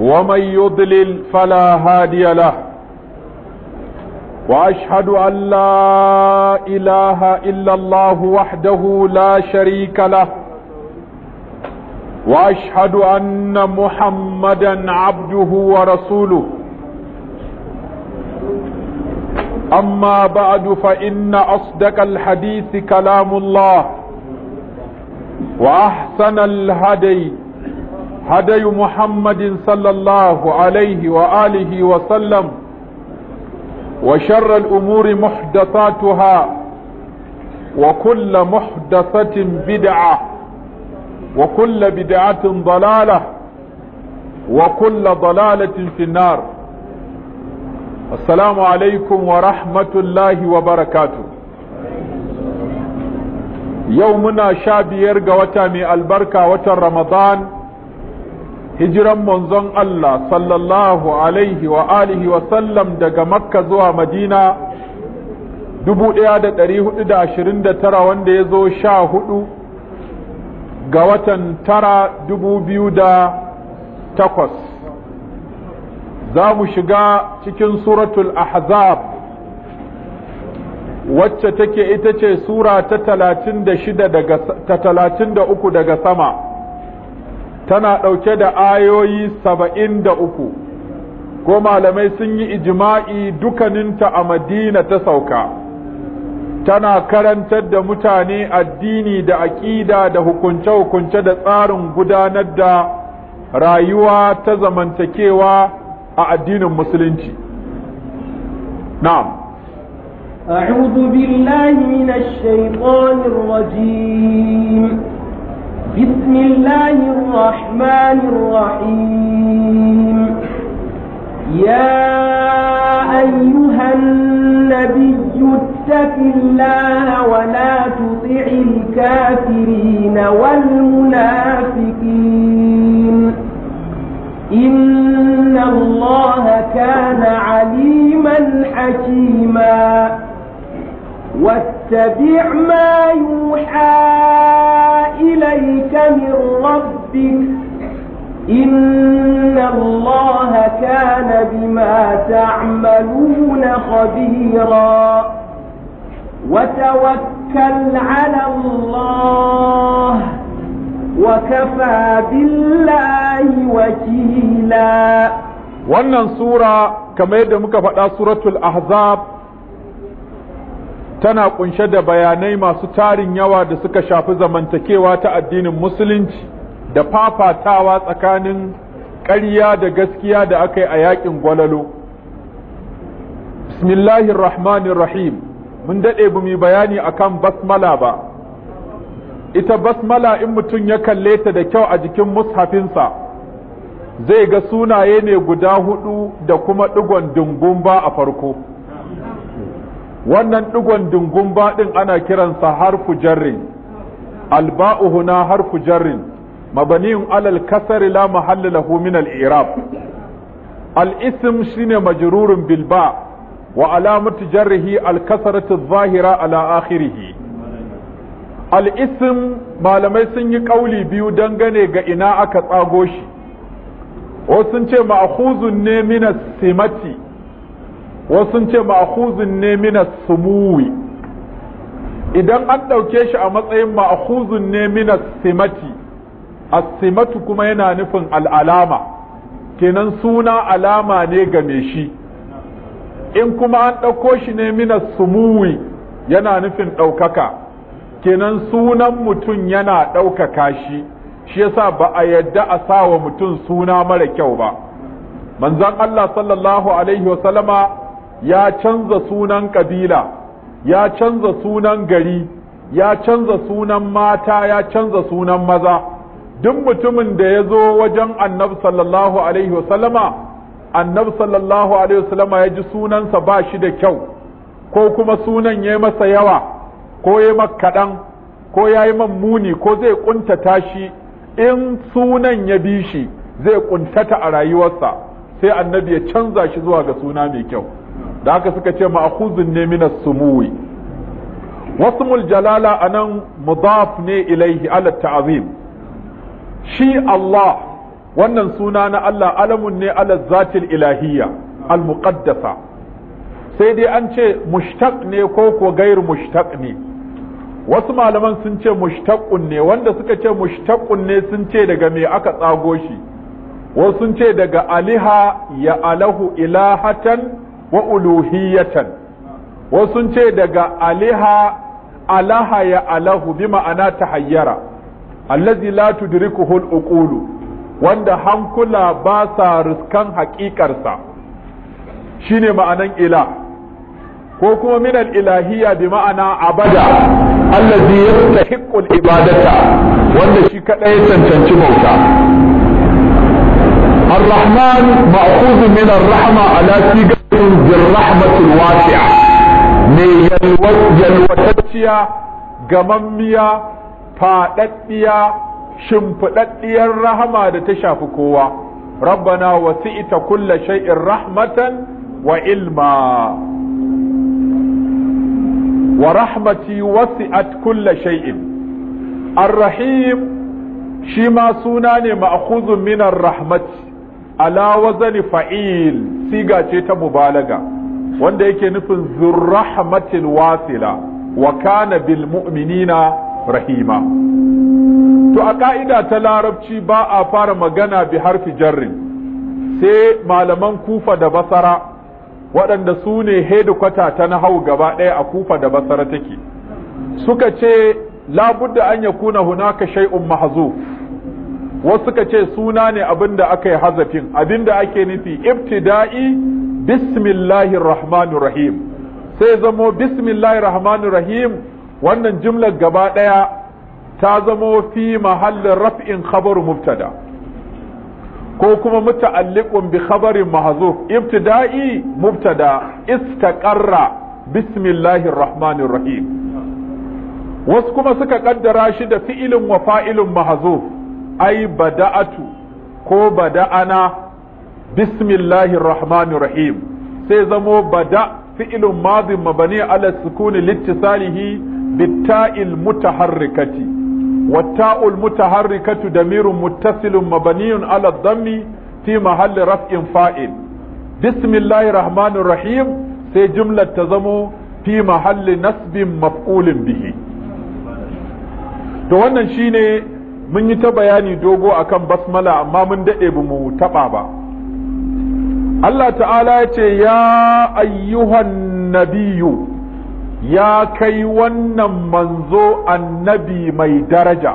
ومن يضلل فلا هادي له وأشهد أن لا إله إلا الله وحده لا شريك له وأشهد أن محمدا عبده ورسوله أما بعد فإن أصدق الحديث كلام الله وأحسن الهدي هدي محمد صلى الله عليه وآله وسلم وشر الأمور محدثاتها وكل محدثة بدعة وكل بدعة ضلالة وكل ضلالة في النار السلام عليكم ورحمة الله وبركاته يومنا شاب يرقى وتامي البركة وتر رمضان hijiran manzon Allah sallallahu alaihi wa alihi wa sallam daga makka zuwa madina 1429 wanda ya zo sha hudu ga watan tara dubu biyu da takwas za mu shiga cikin suratul ahzab wacce take ita ce sura ta talatin da shida ta talatin da uku daga sama tana ɗauke da ayoyi saba'in da uku ko malamai sun yi ijima'i dukaninta a madina ta sauka tana karantar da mutane addini da aƙida da hukunce-hukunce da tsarin gudanar da rayuwa ta zamantakewa a addinin musulunci na'am a'udhu billahi minash الشيطان الرجيم بسم الله الرحمن الرحيم يا أيها النبي اتق الله ولا تطع الكافرين والمنافقين إن الله كان عليما حكيما واتبع ما يوحى إليك من ربك إن الله كان بما تعملون خبيرا وتوكل على الله وكفى بالله وكيلا wannan sura kamar yadda muka faɗa suratul ahzab tana kunshe da bayanai masu tarin yawa da suka shafi zamantakewa ta addinin musulunci da fafatawa tsakanin ƙarya da gaskiya da aka yi a yakin gwalalo bismillahir rahmanir rahim mun daɗe bu mu bayani akan basmala ba ita basmala in mutum ya kalle ta da kyau a jikin mushafinsa zai ga sunaye ne guda hudu da kuma ɗigon dungun ba a farko wannan digon dingun baɗin ana kiransa harfu jarrin alba'u huna harfu jarrin mabaniun alal kasari, la mahalla lahu min al i'rab al ism shine majrurun bil ba wa alamatu jarrihi al kasratu zahira ala akhirih al ism malamai sun yi kauli biyu dangane ga ina aka tsago shi wasu sun ce ma'khuzun ne min as-simati wasu sun ce ma'khuzun ne min sumuwi idan an ɗauke shi a matsayin ma'khuzun ne min simati as-simatu kuma yana nufin al'alama kenan suna alama ne game shi in kuma an ɗauko shi ne min sumuwi yana nufin ɗaukaka kenan sunan mutum yana ɗaukaka shi shi yasa ba a yadda a sawa mutum suna mara kyau ba manzon Allah sallallahu alaihi wasallama ya canza sunan kabila ya canza sunan gari ya canza sunan mata ya canza sunan maza duk mutumin da ya zo wajen annab sallallahu alaihi wasallama annab sallallahu alaihi wasallama ya ji sunansa ba shi da kyau ko kuma sunan ya masa yawa ko ya kaɗan ko ya yi muni ko zai kuntata shi in sunan ya bi shi zai ƙuntata a rayuwarsa sai annabi ya canza shi zuwa ga suna mai kyau da haka suka ce ma'akuzin ne minas as-sumuwi wasmul jalala anan mudaf ne ilaihi ala ta'zim shi Allah wannan suna na Allah alamun ne ala zatil ilahiyya al-muqaddasa sai dai an ce mushtaq ne ko ko gair mushtaq ne wasu malaman sun ce mushtaqun ne wanda suka ce mushtaqun ne sun ce daga me aka tsago shi wasu sun ce daga aliha ya alahu ilahatan wa uluhiyatan wasu ce daga aliha alaha ya alahu bi ma'ana tahayyara allazi la tudrikuhu al-uqulu wanda hankula ba sa riskan haƙiƙarsa shine ma'anan ila ko kuma min al-ilahiyya bi ma'ana abada allazi yastahiqqu al-ibadata wanda shi kadai ya cancanci bauta الرحمن مأخوذ من الرحمة على سيجة بالرحمة الواسعة من يلوتتيا جمميا فاتتيا شمفتتيا الرحمة تشاف ربنا وسئت كل شيء رحمة وعلما ورحمتي وسئت كل شيء الرحيم شما سوناني مأخوذ من الرحمة ala wazani fa'il siga ce ta mubalaga wanda yake nufin zurrahmatil wasila wa kana bil mu'minina rahima to a ka'ida ta larabci ba a fara magana bi harfi jarrin sai malaman kufa da basara waɗanda su ne hedikwata ta na hau gaba ɗaya a kufa da basara take suka ce labudda an yakuna hunaka shay'un mahzuf wasu suka ce suna ne abinda aka yi hazafin da ake nufi ibtida'i bismillahir sai zamo bismillahir wannan jumlar gaba ɗaya ta zamo fi mahallin raf'in khabaru mubtada ko kuma muta'alliqun bi khabarin mahzuf ibtida'i mubtada istaqarra bismillahir wasu kuma suka kaddara shi da fi'ilin wa fa'ilun mahzuf ai bada'atu ko bada'ana bismillahir rahmanir rahim sai zamo bada fi'ilun madin mabani ala sukuni littisalihi bitta'il mutaharrikati watta'ul mutaharrikatu damirun muttasilun mabaniyun ala dhammi fi mahalli raf'in fa'il bismillahir rahmanir rahim sai jumlar ta zamo fi mahalli nasbin maf'ulin bihi to wannan shine mun yi ta bayani dogo akan basmala amma mun daɗe ba mu taɓa ba Allah ta'ala ya ce ya ayyuhan nabiyu ya kai wannan manzo annabi mai daraja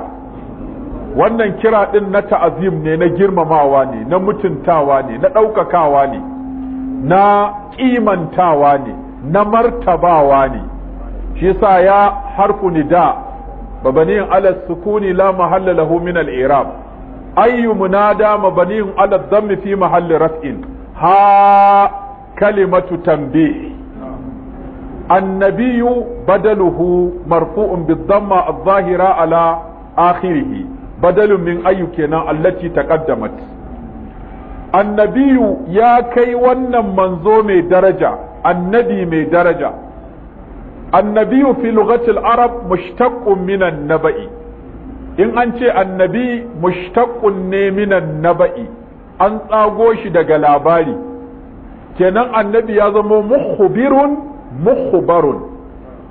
wannan kira ɗin na ta'azim ne na girmamawa ne na mutuntawa ne na ɗaukakawa ne na ƙimantawa ne na martabawa ne shi sa ya harfu da. مبني على السكون لا محل له من الإعراب أي منادى مبني على الضم في محل رفع ها كلمة تنبيه النبي بدله مرفوع بالضمة الظاهرة على آخره بدل من أي كنا التي تقدمت النبي يا كي ونن منزو مي درجة النبي مي درجة annabiyu fi lughatil arab mushtaqqun minan naba'i in an ce annabi mushtaqqun ne minan naba'i an tsago shi daga labari kenan annabi ya zama mukhbirun muhubarun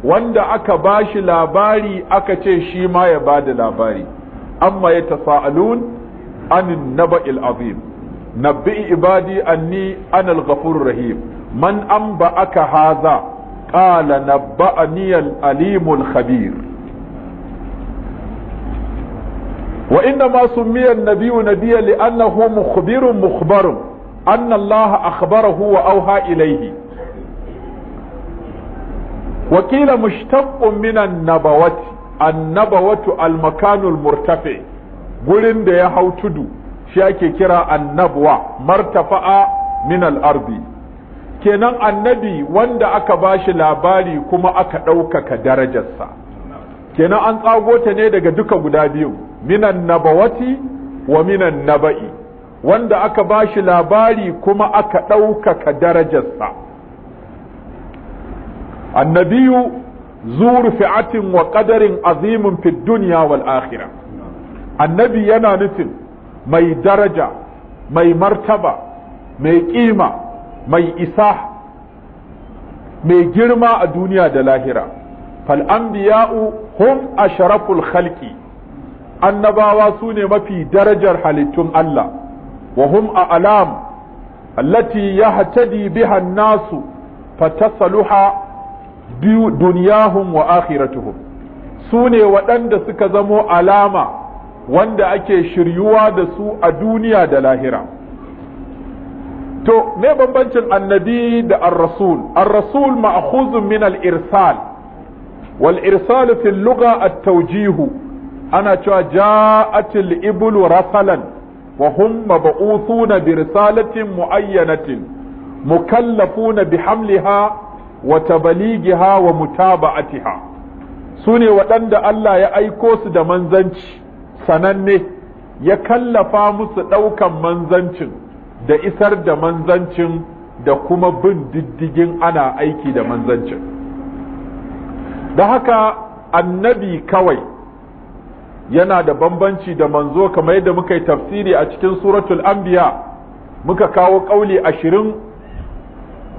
wanda aka ba shi labari aka ce shi ma ya bada labari amma ya tasa'alun anin naba'il azim nabbi ibadi anni anal ghafurur rahim man an ba aka haza qala nabba'ani al-alimul khabir wa inna ma sumiya an-nabiyyu nabiyya li'annahu mukhbirun mukhbarun anna Allah akhbarahu wa awha ilayhi wa qila mushtaqqun min an-nabawati an-nabawatu al-makanu al-murtafi gurin da ya hau tudu shi ake kira annabwa martafa'a min al-ardi kenan annabi wanda aka ba shi labari kuma aka ɗaukaka darajarsa kenan an tsago ta ne daga duka guda biyu minan nabawati wa minan naba'i wanda aka ba shi labari kuma aka ɗaukaka darajarsa annabiyu zu fi'atin wa ƙadarin azimin fid dunya wal akhirah annabi yana nufin mai daraja mai martaba mai kima mai isa mai girma a duniya da lahira fal'ambiya'u hum asharaful khalqi annabawa su ne mafi darajar halittun Allah wa hum a alam allati ya hatadi biha nasu fatasaluha duniyahum wa akhiratuhum su ne waɗanda suka zamo alama wanda ake shiryuwa da su a duniya da lahira. to me bambancin annabi da ar-rasul ar-rasul ma'khuzun min al-irsal wal irsal fi lugha at-tawjih ana cewa ja'at al-iblu rasalan wa hum mab'uthuna bi risalatin muayyanatin mukallafuna bi hamliha wa tabalighiha wa mutaba'atiha sune waɗanda Allah ya aiko su da manzanci sananne ya kallafa musu ɗaukan manzancin da isar da manzancin da kuma bin diddigin ana aiki da manzancin da haka annabi kawai yana da bambanci da manzo kamar yadda muka yi tafsiri a cikin suratul anbiya muka kawo kauli ashirin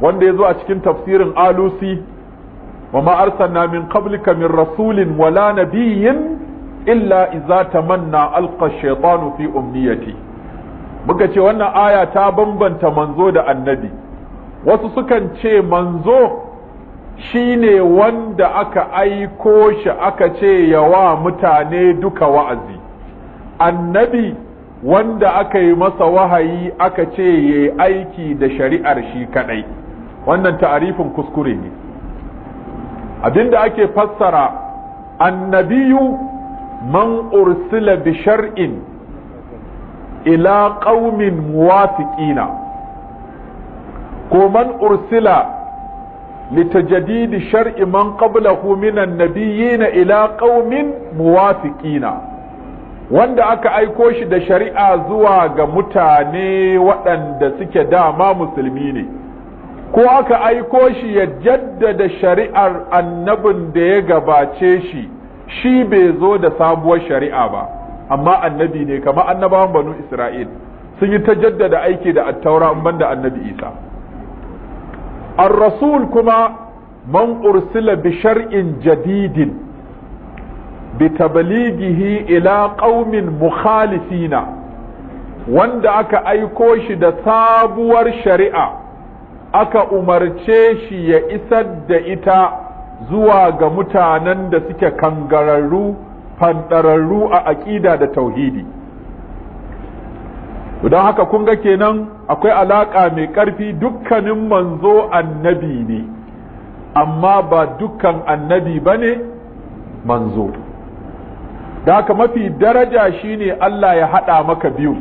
wanda ya zo a cikin tafsirin alusi wa ma arsalna min qablika min rasulin wala nabiyyin illa iza tamanna alqa shaytanu fi umniyati muka ce wannan aya ta bambanta manzo da annabi wasu sukan ce manzo shine wanda aka aiko shi aka ce ya wa mutane duka wa'azi annabi wanda aka yi masa wahayi aka ce ya aiki da shari'ar shi kadai wannan ta'arifin kuskure ne abinda ake fassara annabiyu man ursila bi shar'in ila qaumin muwafiqina ko man ursila litajdidi shar'i man qablahu minan nabiyina ila ƙaumin muwafiqina wanda aka aiko shi da shari'a zuwa ga mutane waɗanda suke dama musulmi ne ko aka aiko shi ya jaddada shari'ar annabin da ya gabace shi shi bai zo da sabuwar shari'a ba amma annabi ne kama annabawan banu isra'il sun yi ta jaddada aiki da attaura in da annabi isa An rasul kuma man ursila bi shar'in jadidin bi tablighihi ila qaumin mukhalifina wanda aka aiko shi da sabuwar shari'a aka umarce shi ya isar da ita zuwa ga mutanen da suke kangararru fanɗararru a aƙida da tauhidi don haka kun ga kenan akwai alaƙa mai ƙarfi dukkanin manzo annabi ne amma ba dukkan annabi ba ne manzo da haka mafi daraja shine Allah ya haɗa maka biyu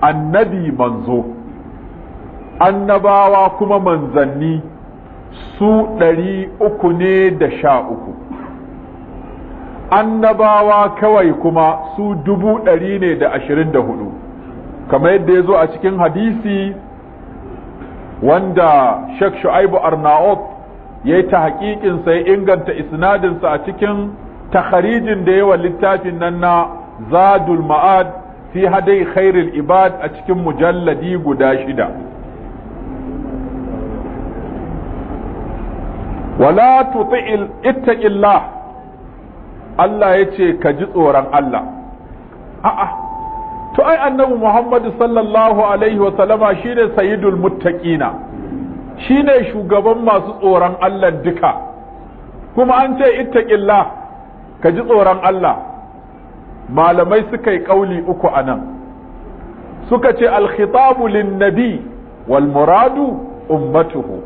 annabi manzo annabawa kuma manzanni su ɗari uku ne da sha uku annabawa kawai kuma su dubu ɗari ne da ashirin da hudu kamar yadda ya zo a cikin hadisi wanda shek shu'aibu arna'ot ya yi ta haƙiƙinsa ya inganta isnadinsa a cikin takharijin da yawa littafin nan na zadul ma'ad fi hadai khairul ibad a cikin mujalladi guda shida wala tuti'il ittaqillah Allah ya ce ka ji tsoron Allah a'a to ai annabi Muhammadu sallallahu alaihi wa sallama shine sayyidul muttaqina shine shugaban masu tsoron Allah duka kuma an ce ittaqillah ka ji tsoron Allah malamai suka yi kauli uku anan suka ce al-khitabu lin-nabi wal muradu ummatuhu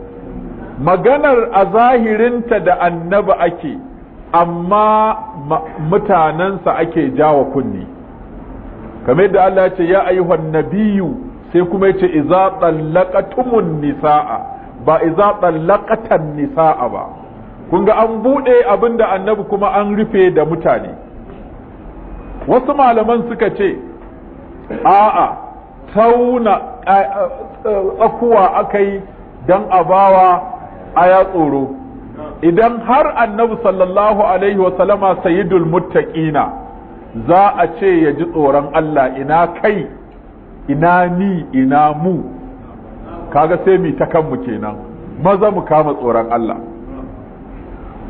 maganar a zahirinta da annabi ake amma mutanensa ake jawa kunni kamar yadda Allah ya ce ya ayyuhan nabiyyu sai kuma ya ce iza tsallaqatumun nisaa ba iza tsallaqatan nisaa ba kun ga an buɗe abinda annabi kuma an rufe da mutane wasu malaman suka ce a'a tauna tsakuwa akai dan abawa ya tsoro idan har annabi sallallahu alaihi wa sallama sayyidul muttaqina za a ce ya ji tsoron Allah ina kai ina ni ina mu kaga sai mu ta kanmu kenan maza mu kama tsoron Allah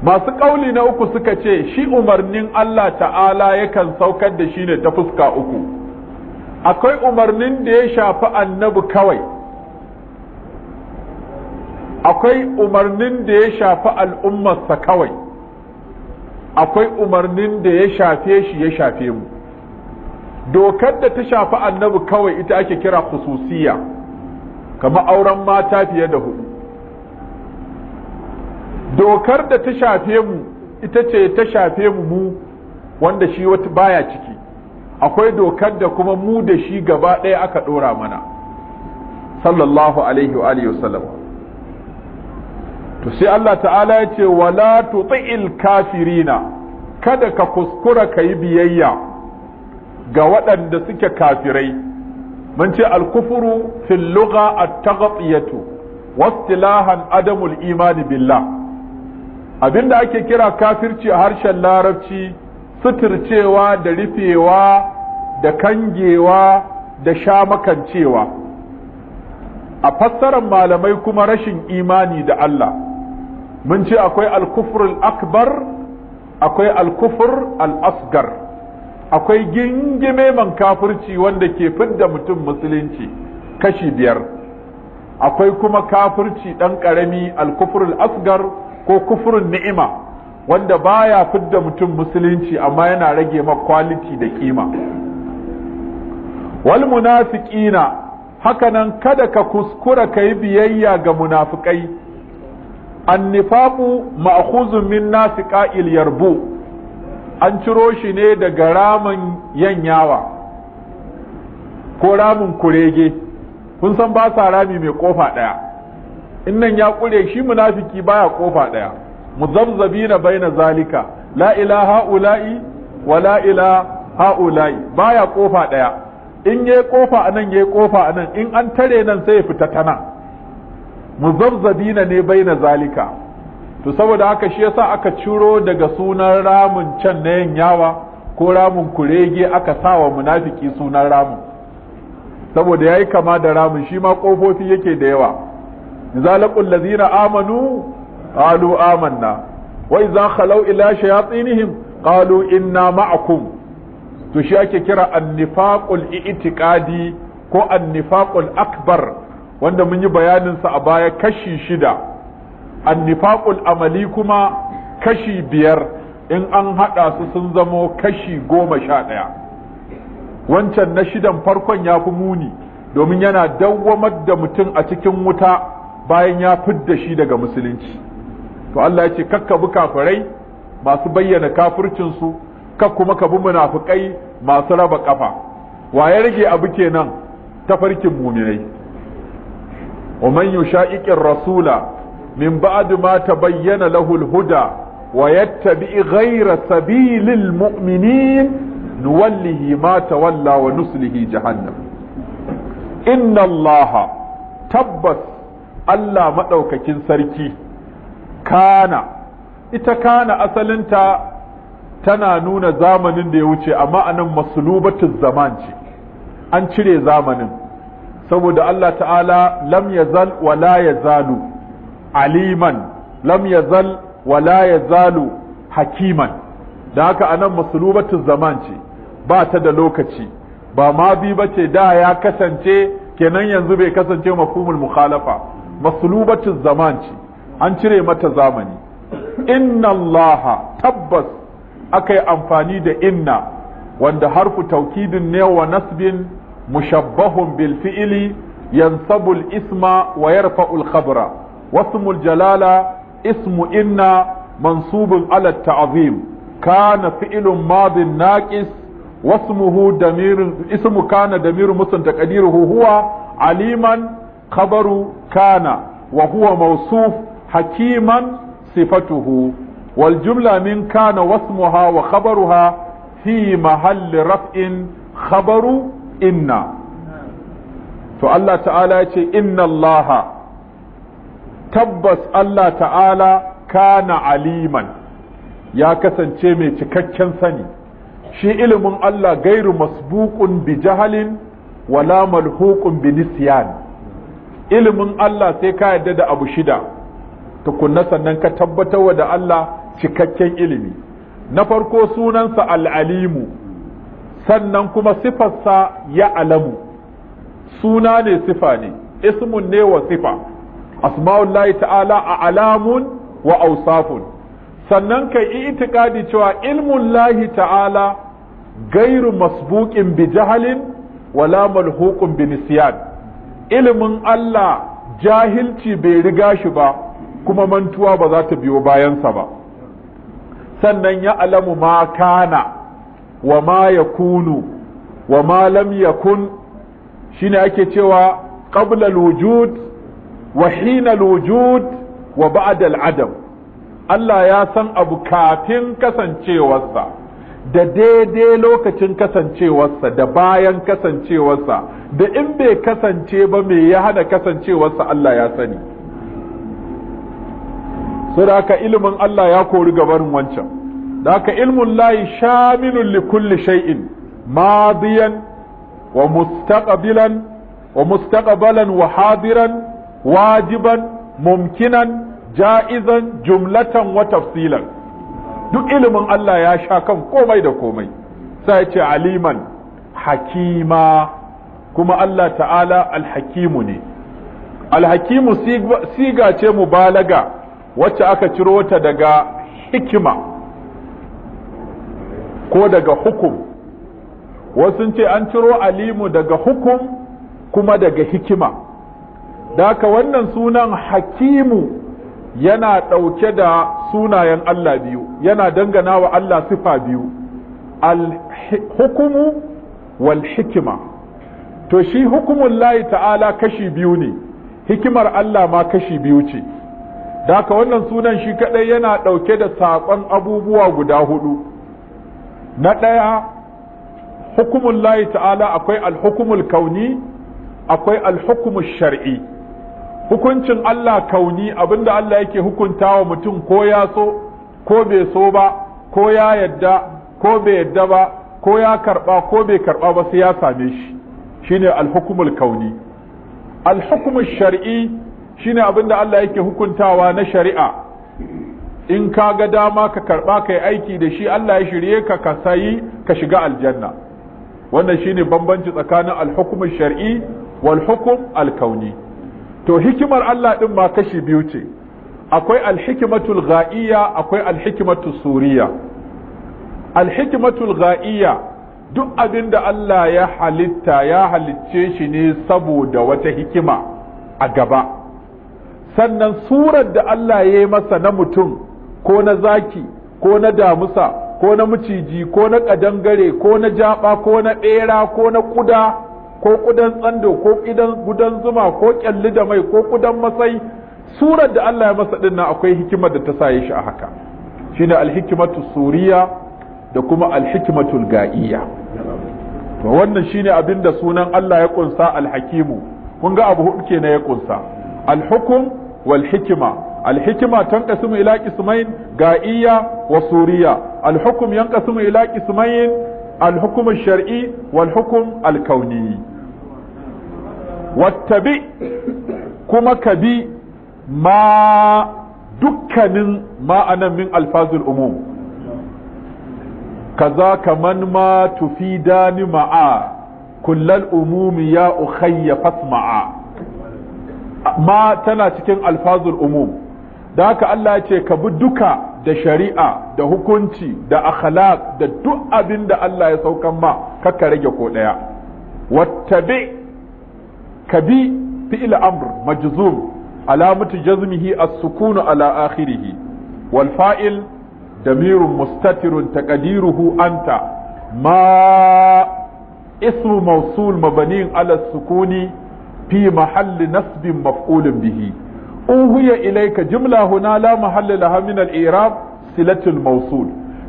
masu ƙauli na uku suka ce shi umarnin Allah ta'ala yakan saukar da shi ne ta fuska uku akwai umarnin da ya shafi annabi kawai akwai umarnin da ya shafi al'ummarsa kawai akwai umarnin da ya shafe shi ya shafe mu dokar da ta shafi annabi kawai ita ake kira khususiya kamar auren mata fiye da hudu dokar da ta shafe mu ita ce ta shafe mu mu wanda shi wata baya ciki akwai dokar da kuma mu da shi gaba ɗaya aka ɗora mana sallallahu alaihi wa sallam to sai Allah ta'ala ya ce wala tuti'il kafirina kada ka kuskura ka yi biyayya ga waɗanda suke kafirai mun ce alkufuru fil lugha at-taghtiyatu wastilahan adamul imani billah abinda ake kira kafirci a harshen larabci suturcewa da rufewa da kangewa da shamakancewa a fassarar malamai kuma rashin imani da Allah mun ce akwai al-kufr akbar akwai al-kufr al-asgar akwai gingime man kafirci wanda ke fidda mutum musulunci kashi biyar akwai kuma kafirci ɗan ƙarami, al-kufr asgar ko kufurin ni'ima wanda baya fidda mutum musulunci amma yana rage ma quality da kima wal munafiqina hakanan kada ka kuskura kai biyayya ga munafikai annifaqu ma'khuzun min nasiqa'il yarbu an ciro shi ne daga ramin yanyawa ko ramin kurege kun san ba sa rami mai kofa ɗaya. innan ya kure shi munafiki baya kofa daya muzabzabina baina zalika la ilaha ula'i wa la ilaha ha'ula'i baya kofa daya in yayi kofa anan yayi kofa anan in an tare nan sai ya fita tana muzabzabina ne baina zalika to saboda haka shi yasa aka ciro daga sunan ramin can na yawa ko ramin kurege aka sa wa munafiki sunan ramin saboda yayi kama da ramin shi ma kofofi yake da yawa zalaqul zina amanu qalu amanna wa idza khalaw ila shayatinihim qalu inna ma'akum to shi ake kira annifaqul i'tiqadi ko annifaqul akbar wanda mun yi bayanin bayaninsa a baya kashi shida annifaqul amali kuma kashi biyar in an haɗa su sun zamo kashi goma sha ɗaya wancan na shidan farkon ya fi muni domin yana dawwamar da mutum a cikin wuta bayan ya fidda shi daga musulunci to Allah ya ce kakka bi kafirai masu bayyana kafircinsu ka kuma ka bi munafukai masu raba kafa wa ya rage abu kenan tafarkin muminai ومن يشائك الرسول من بعد ما تبين له الهدى ويتبع غير سبيل المؤمنين نوله ما تولى ونسله جهنم إن الله تبس ألا مدوكك سركي كان إذا كان أسلنت tana nuna zamanin da ya wuce amma anan masulubatul zaman ce an cire zamanin saboda Allah ta'ala lam yazal wa la yazalu aliman lam yazal wa la yazalu hakiman da haka anan masulubatu zaman ce ba ta da lokaci ba ma bi ce da ya kasance kenan yanzu bai kasance mafhumul mukhalafa masulubatu zaman ce an cire mata zamani inna Allah tabbas akai amfani da inna wanda harfu taukidin ne wa nasbin mushabbahun bil fi'ili yansabul isma wa yarfa'u al khabra wasmu jalala ismu inna Mansubin ala ta'zim kana fi'ilun madin naqis واسمه دمير اسم كان دمير مسلم تقديره هو عليما خبر كان وهو موصوف حكيما صفته والجملة من كان واسمها وخبرها في محل رفع خبر inna to Allah ta'ala ya ce inna Allah tabbas Allah ta'ala kana aliman ya kasance mai cikakken sani shi ilimin Allah gairu masbuqun bi jahalin wala malhuqun bi nisyan ilimin Allah sai ka yadda da abu shida tukunna sannan ka tabbatar wa da Allah cikakken ilimi na farko sunansa al alimu sannan kuma sifarsa ya alamu suna ne sifa ne ismun ne wa sifa asma'ullahi ta'ala a alamun wa ausafun sannan ka yi itikadi cewa ilmun lahi ta'ala gairu masbuƙin bi jahalin wala malhuqun bi nisyan ilimin Allah jahilci bai riga shi ba kuma mantuwa ba za ta biyo bayansa ba sannan ya alamu ma kana wa ma yakunu wa ma lam yakun shine ake cewa qabla al-wujud wa hina wa ba'da adam Allah ya san abu kafin kasancewarsa da daidai lokacin kasancewarsa da bayan kasancewarsa da in bai kasance ba mai ya hana kasancewarsa Allah ya sani Sura ka ilimin Allah ya kori gabarin wancan Daka haka ilmun layi shaminun li kulli shay'in madiyan wa mustaqbilan wa mustaqbalan wa hadiran wajiban mumkinan ja'izan jumlatan wa tafsilan duk ilimin Allah ya sha kan komai da komai sai ce aliman hakima kuma Allah ta'ala alhakimu ne alhakimu siga ce mubalaga wacce aka ciro ta daga hikima ko daga hukum wasu ce an ciro alimu daga hukum kuma daga hikima daka wannan sunan hakimu yana ɗauke da sunayen Allah biyu yana dangana wa Allah sifa biyu al-hukumu wal hikima to shi hukumun layi ta'ala kashi biyu ne hikimar Allah ma kashi biyu ce daka wannan sunan shi kadai yana ɗauke da saƙon abubuwa guda hudu na ɗaya hukumun layi ta'ala akwai alhukumul kauni akwai alhukumul shar'i hukuncin Allah kauni abinda Allah yake hukuntawa mutum ko ya so ko bai so ba ko ya yadda ko bai yadda ba ko ya karba ko bai karba ba sai ya same shi shine alhukumul kauni alhukumul shar'i shine abinda Allah yake hukuntawa na shari'a in ka ga dama ka karɓa ka yi aiki da shi Allah ya shirye ka ka sayi ka shiga aljanna wannan shine bambanci tsakanin alhukum shar'i wal hukum alkauni to hikimar Allah din ma kashi biyu ce akwai alhikimatul ghaiya akwai alhikimatul suriya alhikimatul ghaiya duk abin da Allah ya halitta ya halicce shi ne saboda wata hikima a gaba sannan surar da Allah ya yi masa na mutum ko na zaki ko na damusa ko na maciji ko na ƙadangare, ko na jaba ko na ɓera, ko na ƙuda, ko kudan tsando ko gudan zuma ko kyalli da mai ko kudan masai surar da Allah ya masa nan akwai hikimar da ta saye shi a haka shine alhikimatu suriya da kuma alhikimatul ga'iya to wannan shine abin da sunan Allah ya kunsa alhakimu kun ga abu hudu kenan ya kunsa alhukum wal hikima alhikima tanqasimu ila qismain ga'iyya wa suriya alhukm yanqasimu ila qismain alhukm shari wal hukm al-kawni wattabi kuma ma dukkanin ma'anan min alfazul umum kaza kaman ma tufidani ma'a kullal umumi ya ukhayya fasma'a ma tana cikin alfazul umu. da haka Allah ya ce ka bi duka da shari'a da hukunci da akhlaq da duk abin da Allah ya saukan ma kakka rage ko daya wattabi ka bi fi'il amr majzum alamatu jazmihi as-sukun ala akhirih wal fa'il damirun mustatirun taqdiruhu anta ma ismu mawsul mabniin ala sukuni fi mahalli nasbin maf'ulin bihi uhiya ilaika ilai huna la mahalla laha min al-i'rab silatul mawsul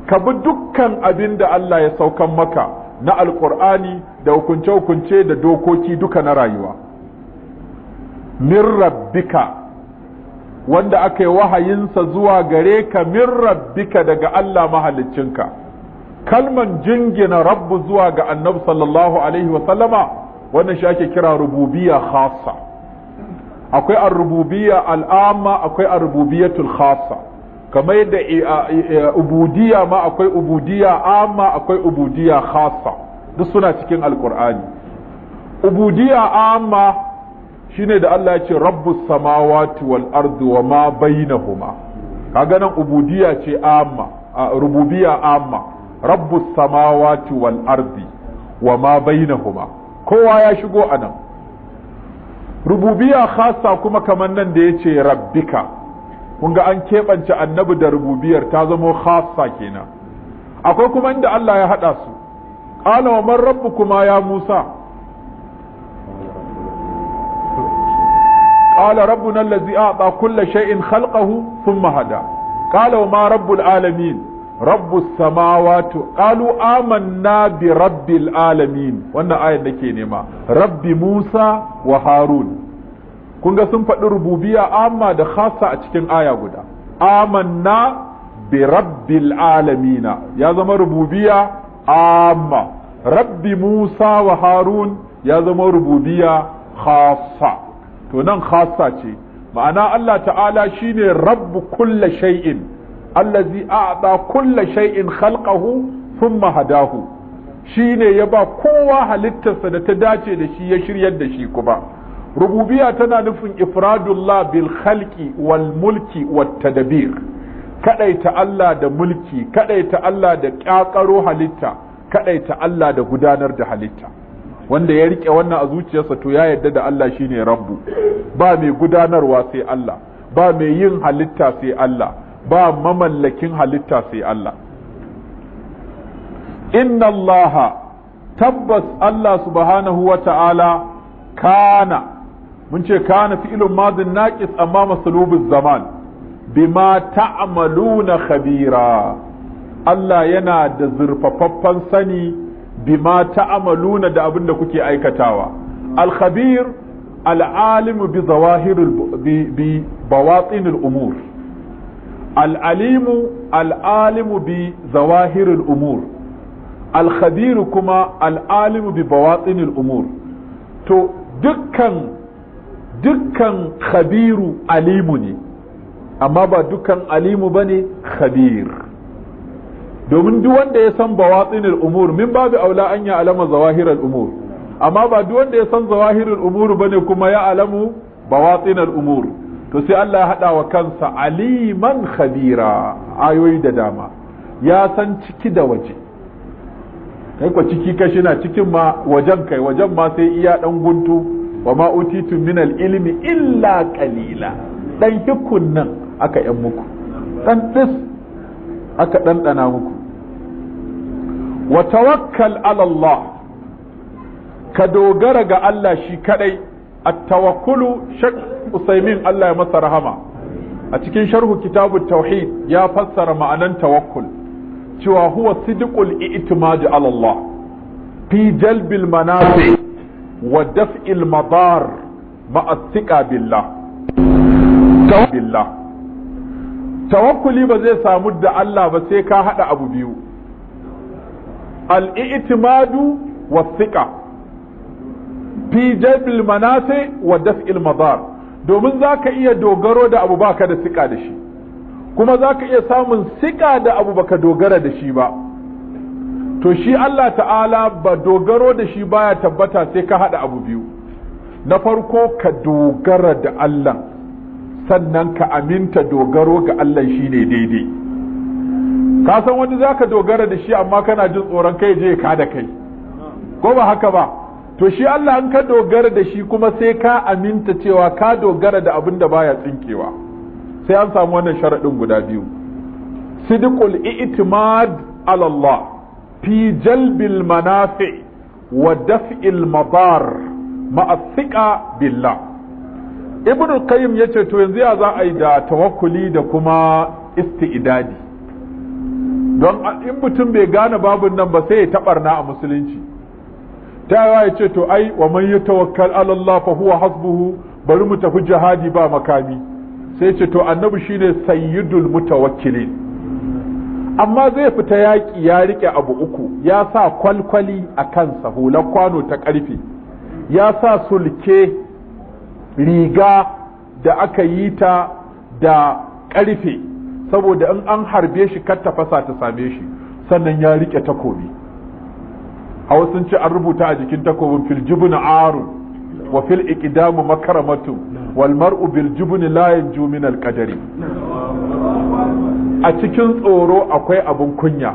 ka bi dukkan abin da Allah ya saukan maka na alqur'ani da hukunce hukunce da dokoki duka na rayuwa min rabbika wanda aka yi wahayinsa zuwa gare ka min rabbika daga Allah mahaliccinka kalman jingina rabbu zuwa ga annabi sallallahu alaihi wa sallama wannan shi ake kira rububiyya khassa akwai ar al'amma akwai arububiyatul khassa kamar yadda eh, eh, eh, ubudiyya ma akwai ubudiya amma akwai ubudiya khassa duk suna cikin Alkur'ani. ubudiyya amma shine da Allah ya ce rabbus samawati wal ardi wa ma bainahuma kaga nan ubudiyya ce amma rububiyya amma rabbus samawati wal ardi wa ma bainahuma kowa ya shigo anan rububiya khasa kuma kamar nan da yace rabbika kun ga an keɓance annabi da rububiyar ta zamo khassa kenan akwai kuma inda Allah ya haɗa su qala wa man rabbukuma ya musa qala rabbuna allazi a'ta kulla shay'in khalqahu thumma hada qala wa ma rabbul alamin Rabbu samawati qalu amanna bi rabbil alamin wannan ayat nake nema rabbi musa wa harun kun ga sun faɗi rububiya amma da khasa a cikin aya guda amanna bi rabbil alamina ya zama rububiya amma rabbi musa wa harun ya zama rububiya khassa to nan khasa ce ma'ana Allah ta'ala shine rabbu kulla shay'in allazi a'ta kulla shay'in khalqahu thumma hadahu shine ya ba kowa halittarsa da ta dace da shi ya shiryar da shi kuma rububiyya tana nufin ifradullah bil khalqi wal mulki wat tadbir kadaita Allah da mulki kadaita Allah da kyakaro halitta kadaita Allah da gudanar da halitta wanda ya rike wannan a zuciyarsa to ya yarda da Allah shine rabbu ba mai gudanarwa sai Allah ba mai yin halitta sai Allah ba mamallakin halitta sai Allah inna Allah tabbas Allah subhanahu wa ta'ala kana mun ce kana fi'ilun madin naƙis, amma masalubin zaman bima na khabira Allah yana da zurfafaffen sani bima na da abin da kuke aikatawa al-khabir al-alimu bi zawahiril bi umur al'alimu al'alimu bi zawahirul umur alkhabiru kuma al'alimu bi bawatsinil umur to dukkan dukkan Kabiru alimu ne amma ba dukkan alimu ba ne domin duwanda ya san bawatsinil umur min babu aula an ya alama zawahirul umur amma ba duk wanda ya san zawahirul umur bane kuma ya alamu bawatsinil umur to sai Allah ya haɗa wa kansa aliman khabira ayoyi da dama ya san ciki da waje kai kwa ciki kashi na cikin ma wajen kai wajen ma sai iya dan guntu wa ma utitu min ilmi illa qalila dan hikun nan aka yan muku dan dis aka ɗanɗana muku wa tawakkal ala Allah ka dogara ga Allah shi kadai at-tawakkulu shek Allah ya masa rahama a cikin sharhu kitabun tauhid ya fassara ma'anan tawakkul cewa huwa sidqul i'timad ala Allah fi jalbil manasi wa daf'il madar ma'a thiqa billah billah ba zai samu da Allah ba sai ka haɗa abu biyu al-i'timadu wa thiqa fi jabil manasi wa daf'il madar domin zaka iya dogaro da abu baka da sika da shi kuma zaka iya samun sika da abu baka dogara da shi ba to shi Allah ta'ala ba dogaro da shi baya tabbata sai ka hada abu biyu na farko ka dogara da Allah sannan ka aminta dogaro ga Allah shine daidai ka san wani zaka dogara da shi amma kana jin tsoron kai je ka da kai ko ba haka ba to shi Allah an ka dogara da shi kuma sai ka aminta cewa ka dogara da abin da baya tsinkewa sai an samu wannan sharaɗin guda biyu Sidiqul i'timad ala Allah fi jalbil manafi wa daf'il madar ma'a thiqa billah ibnu qayyim yace to yanzu ya za a yi da tawakkuli da kuma isti'dadi don in mutum bai gane babun nan ba sai ya tabarna a musulunci ta ya ce to ai wa man yatawakkal ala Allah fa huwa hasbuhu bari mu tafi jihadi ba makami sai ce to annabi shine sayyidul mutawakkilin amma zai fita yaƙi ya rike abu uku ya sa kwalkwali a kansa hular kwano ta ƙarfe ya sa sulke riga da aka yi ta da ƙarfe saboda in an harbe shi kar ta fasa ta same shi sannan ya rike takobi a sun ce an rubuta a jikin takobin fil jibun arun wa fil iqdamu makaramatu wal mar'u bil jibun la yanju min a cikin tsoro akwai abun kunya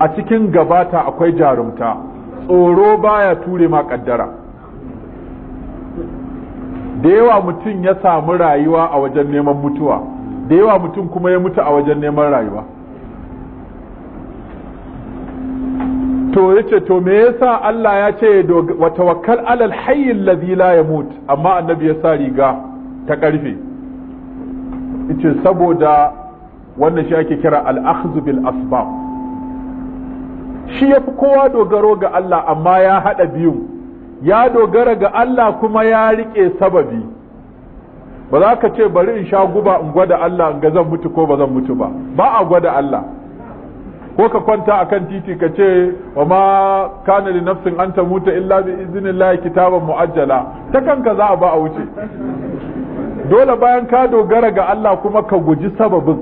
a cikin gabata akwai jarumta tsoro baya ture ma kaddara da yawa mutum ya samu rayuwa a wajen neman mutuwa da yawa mutum kuma ya mutu a wajen neman rayuwa to yace to me yasa Allah ya ce wa tawakkal alal hayy alladhi la yamut amma annabi ya sa riga ta karfe yace saboda wannan shi ake kira al akhdhu bil asbab shi yafi kowa dogaro ga Allah amma ya hada biyu ya dogara ga Allah kuma ya rike sababi ba za ka ce bari in sha guba in gwada Allah in ga zan mutu ko ba zan mutu ba ba a gwada Allah ko ka kwanta akan titi ka ce wa ma kana li nafsin an mutu illa bi iznillahi kitaban muajjala ta kanka za a ba a wuce dole bayan ka dogara ga Allah kuma ka guji sababin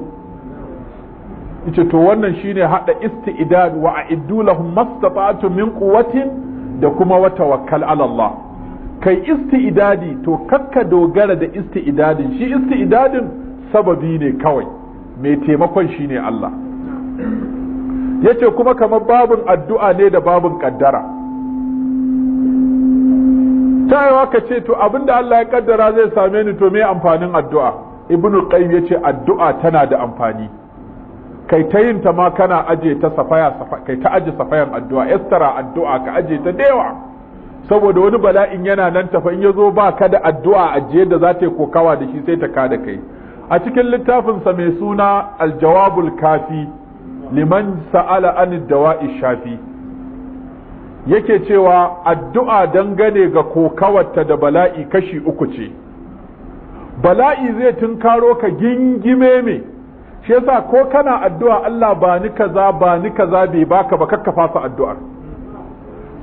yace to wannan shine hada isti'dad wa a'iddu lahum mastata'tu min quwwatin da kuma wa tawakkal ala Allah kai isti'dadi to kakka dogara da isti'dadin shi isti'dadin sababi ne kawai mai taimakon shine Allah yace kuma kamar babun addu'a ne da babun kaddara tayawa ka ce to abinda Allah ya kaddara zai same ni to me amfanin addu'a ibnu qayyim yace addu'a tana da amfani kai ta yin ta ma kana aje ta safaya kai ta aje safayan addu'a yastara addu'a ka aje ta dewa saboda wani bala'in yana nan tafa in yazo ba ka da addu'a aje da za ta yi kokawa da shi sai ta ka da kai a cikin littafinsa mai suna aljawabul kafi liman sa'ala an dawa'i shafi yake cewa addu'a dangane ga kokawarta da bala'i kashi uku ce bala'i zai tunkaro ka gingime me shi yasa ko kana addu'a Allah ba ni kaza ba ni kaza bai baka ba kakkafa fasa addu'ar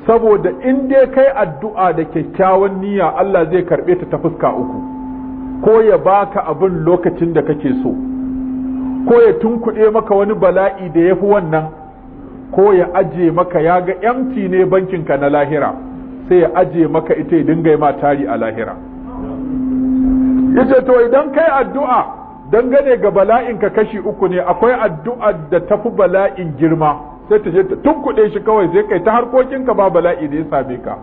saboda in dai kai addu'a da kyakkyawan niyya Allah zai karbe ta ta fuska uku ko ya baka abin lokacin da kake so ko ya tunkuɗe maka wani bala'i da ya fi wannan ko ya aje maka ya ga empty ne bankinka na lahira sai ya aje maka ita ya dinga ma tari a lahira yace to idan kai addu'a dangane ga bala'in ka kashi uku ne akwai addu'a da tafi bala'in girma sai ta je ta tunkuɗe shi kawai sai kai ta harkokinka ba bala'i da ya same ka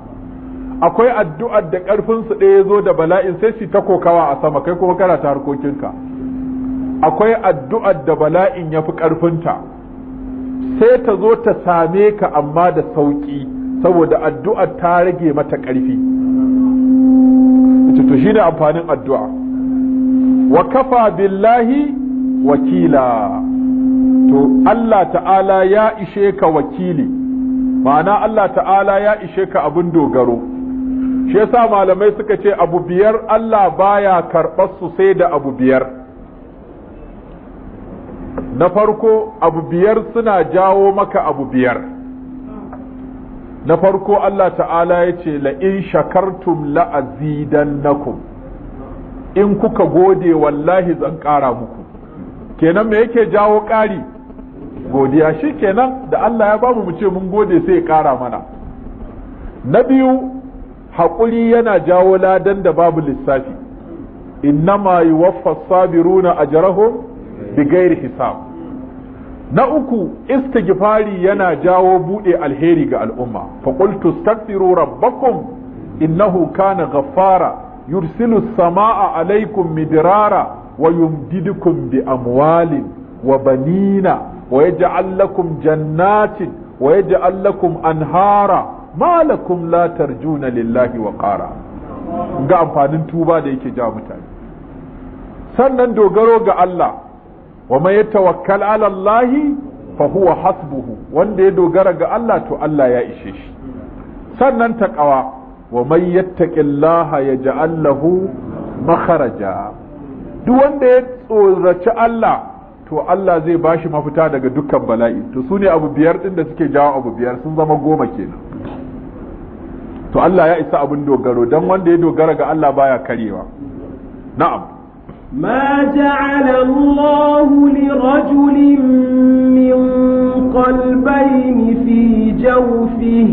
akwai addu'ar da ƙarfin su ɗaya zo da bala'in sai su ta kokawa a sama kai kuma kana ta harkokinka akwai addu'ar da bala'in ya fi ƙarfinta sai ta zo ta same ka amma da sauƙi saboda addu'ar ta rage mata ƙarfi to shi ne amfanin addu'a wa kafa billahi wakila to Allah ta'ala ya ishe ka wakili ma'ana Allah ta'ala ya ishe ka abin dogaro shi yasa malamai suka ce abu biyar Allah baya karɓar su sai da abu biyar na farko abu biyar suna jawo maka abu biyar na farko Allah ta'ala ya ce la'in shakartum la'azidannakum in kuka gode wallahi zan ƙara muku kenan me yake jawo ƙari godiya shi kenan da Allah ya bamu mu ce mun gode sai ya ƙara mana na biyu haƙuri yana jawo ladan da babu lissafi innama yuwaffa sabiruna ajrahum bigairi hisab na uku istighfari yana jawo bude alheri ga al'umma fa qultu astaghfiru rabbakum innahu kana ghaffara yursilu samaa alaykum midrara wa yumdidukum bi amwalin wa banina wa yaj'al lakum jannatin wa yaj'al lakum anhara ma lakum la tarjuna lillahi wa qara ga amfanin tuba da yake ja mutane sannan dogaro ga Allah wa man yatawakkal ala Allah fa huwa hasbuhu wanda ya dogara ga Allah to Allah ya ishe shi sannan taqawa wa man yattaqillaha yaj'al lahu makharaja duk wanda ya tsoraci Allah to Allah zai bashi mafita daga dukkan bala'i to su ne abu biyar din da suke jawo abu biyar sun zama goma kenan to Allah ya isa abin dogaro dan wanda ya dogara ga Allah baya karewa na'am ما جعل الله لرجل من قلبين في جوفه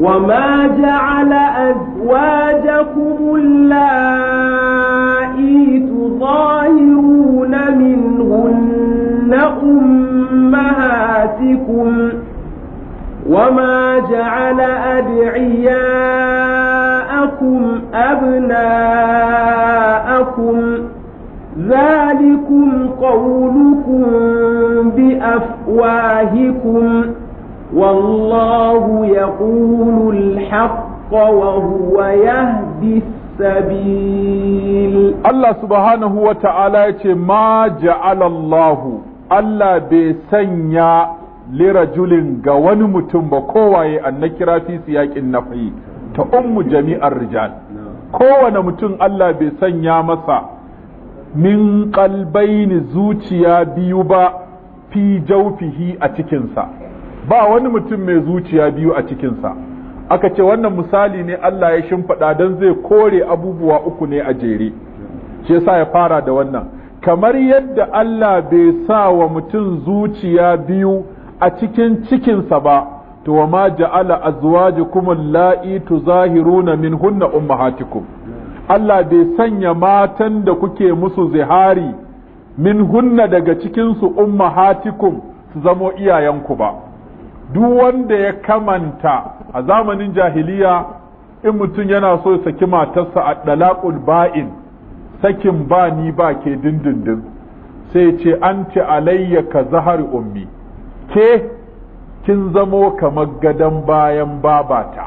وما جعل أزواجكم اللائي تظاهرون منهن أمهاتكم وما جعل أدعياءكم أبناءكم لكم ذلكم قولكم بأفواهكم والله يقول الحق وهو يهدي السبيل الله سبحانه وتعالى ما جعل الله ألا بسنيا لرجل قوان متنبقوا أن نكرا في سياق النفي تأم جميع الرجال kowane mutum Allah bai sanya masa min ni zuciya biyu ba fi jaufihi a cikinsa ba wani mutum mai zuciya biyu a cikinsa aka ce wannan misali ne Allah ya shimfiɗa don zai kore abubuwa uku ne a jere shi yasa ya fara da wannan kamar yadda Allah bai sa wa mutum zuciya biyu a cikin cikinsa ba to wa ma ja'ala azwajukum la'i tuzahiruna minhunna ummahatikum Allah bai sanya matan da kuke musu zihari minhunna daga cikin su ummahatikum su zamo iyayenku ba duk wanda ya kamanta a zamanin jahiliya in mutum yana so ya saki matarsa a dalaqul ba'in sakin ba ni ba ke dindindin sai ce an ci alayya ka zahari ummi ke kin zamo kamar gadon bayan babata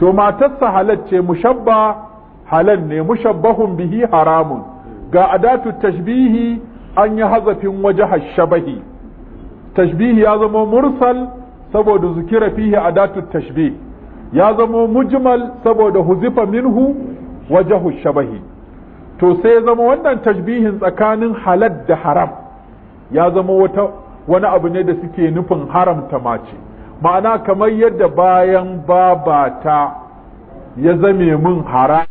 to matarsa halal ce mushabba halal ne mushabbahun bihi haramun ga adatu tashbihi an yi hazafin waje shabahi tashbihi ya zama mursal saboda zukira fihi adatu tashbih ya zamo mujmal saboda huzifa minhu wajahu shabahi to sai ya zama wannan tashbihin tsakanin halal da haram ya zama wata wani abu ne da suke nufin haramta mace ma'ana kamar yadda bayan babata ya zame min haram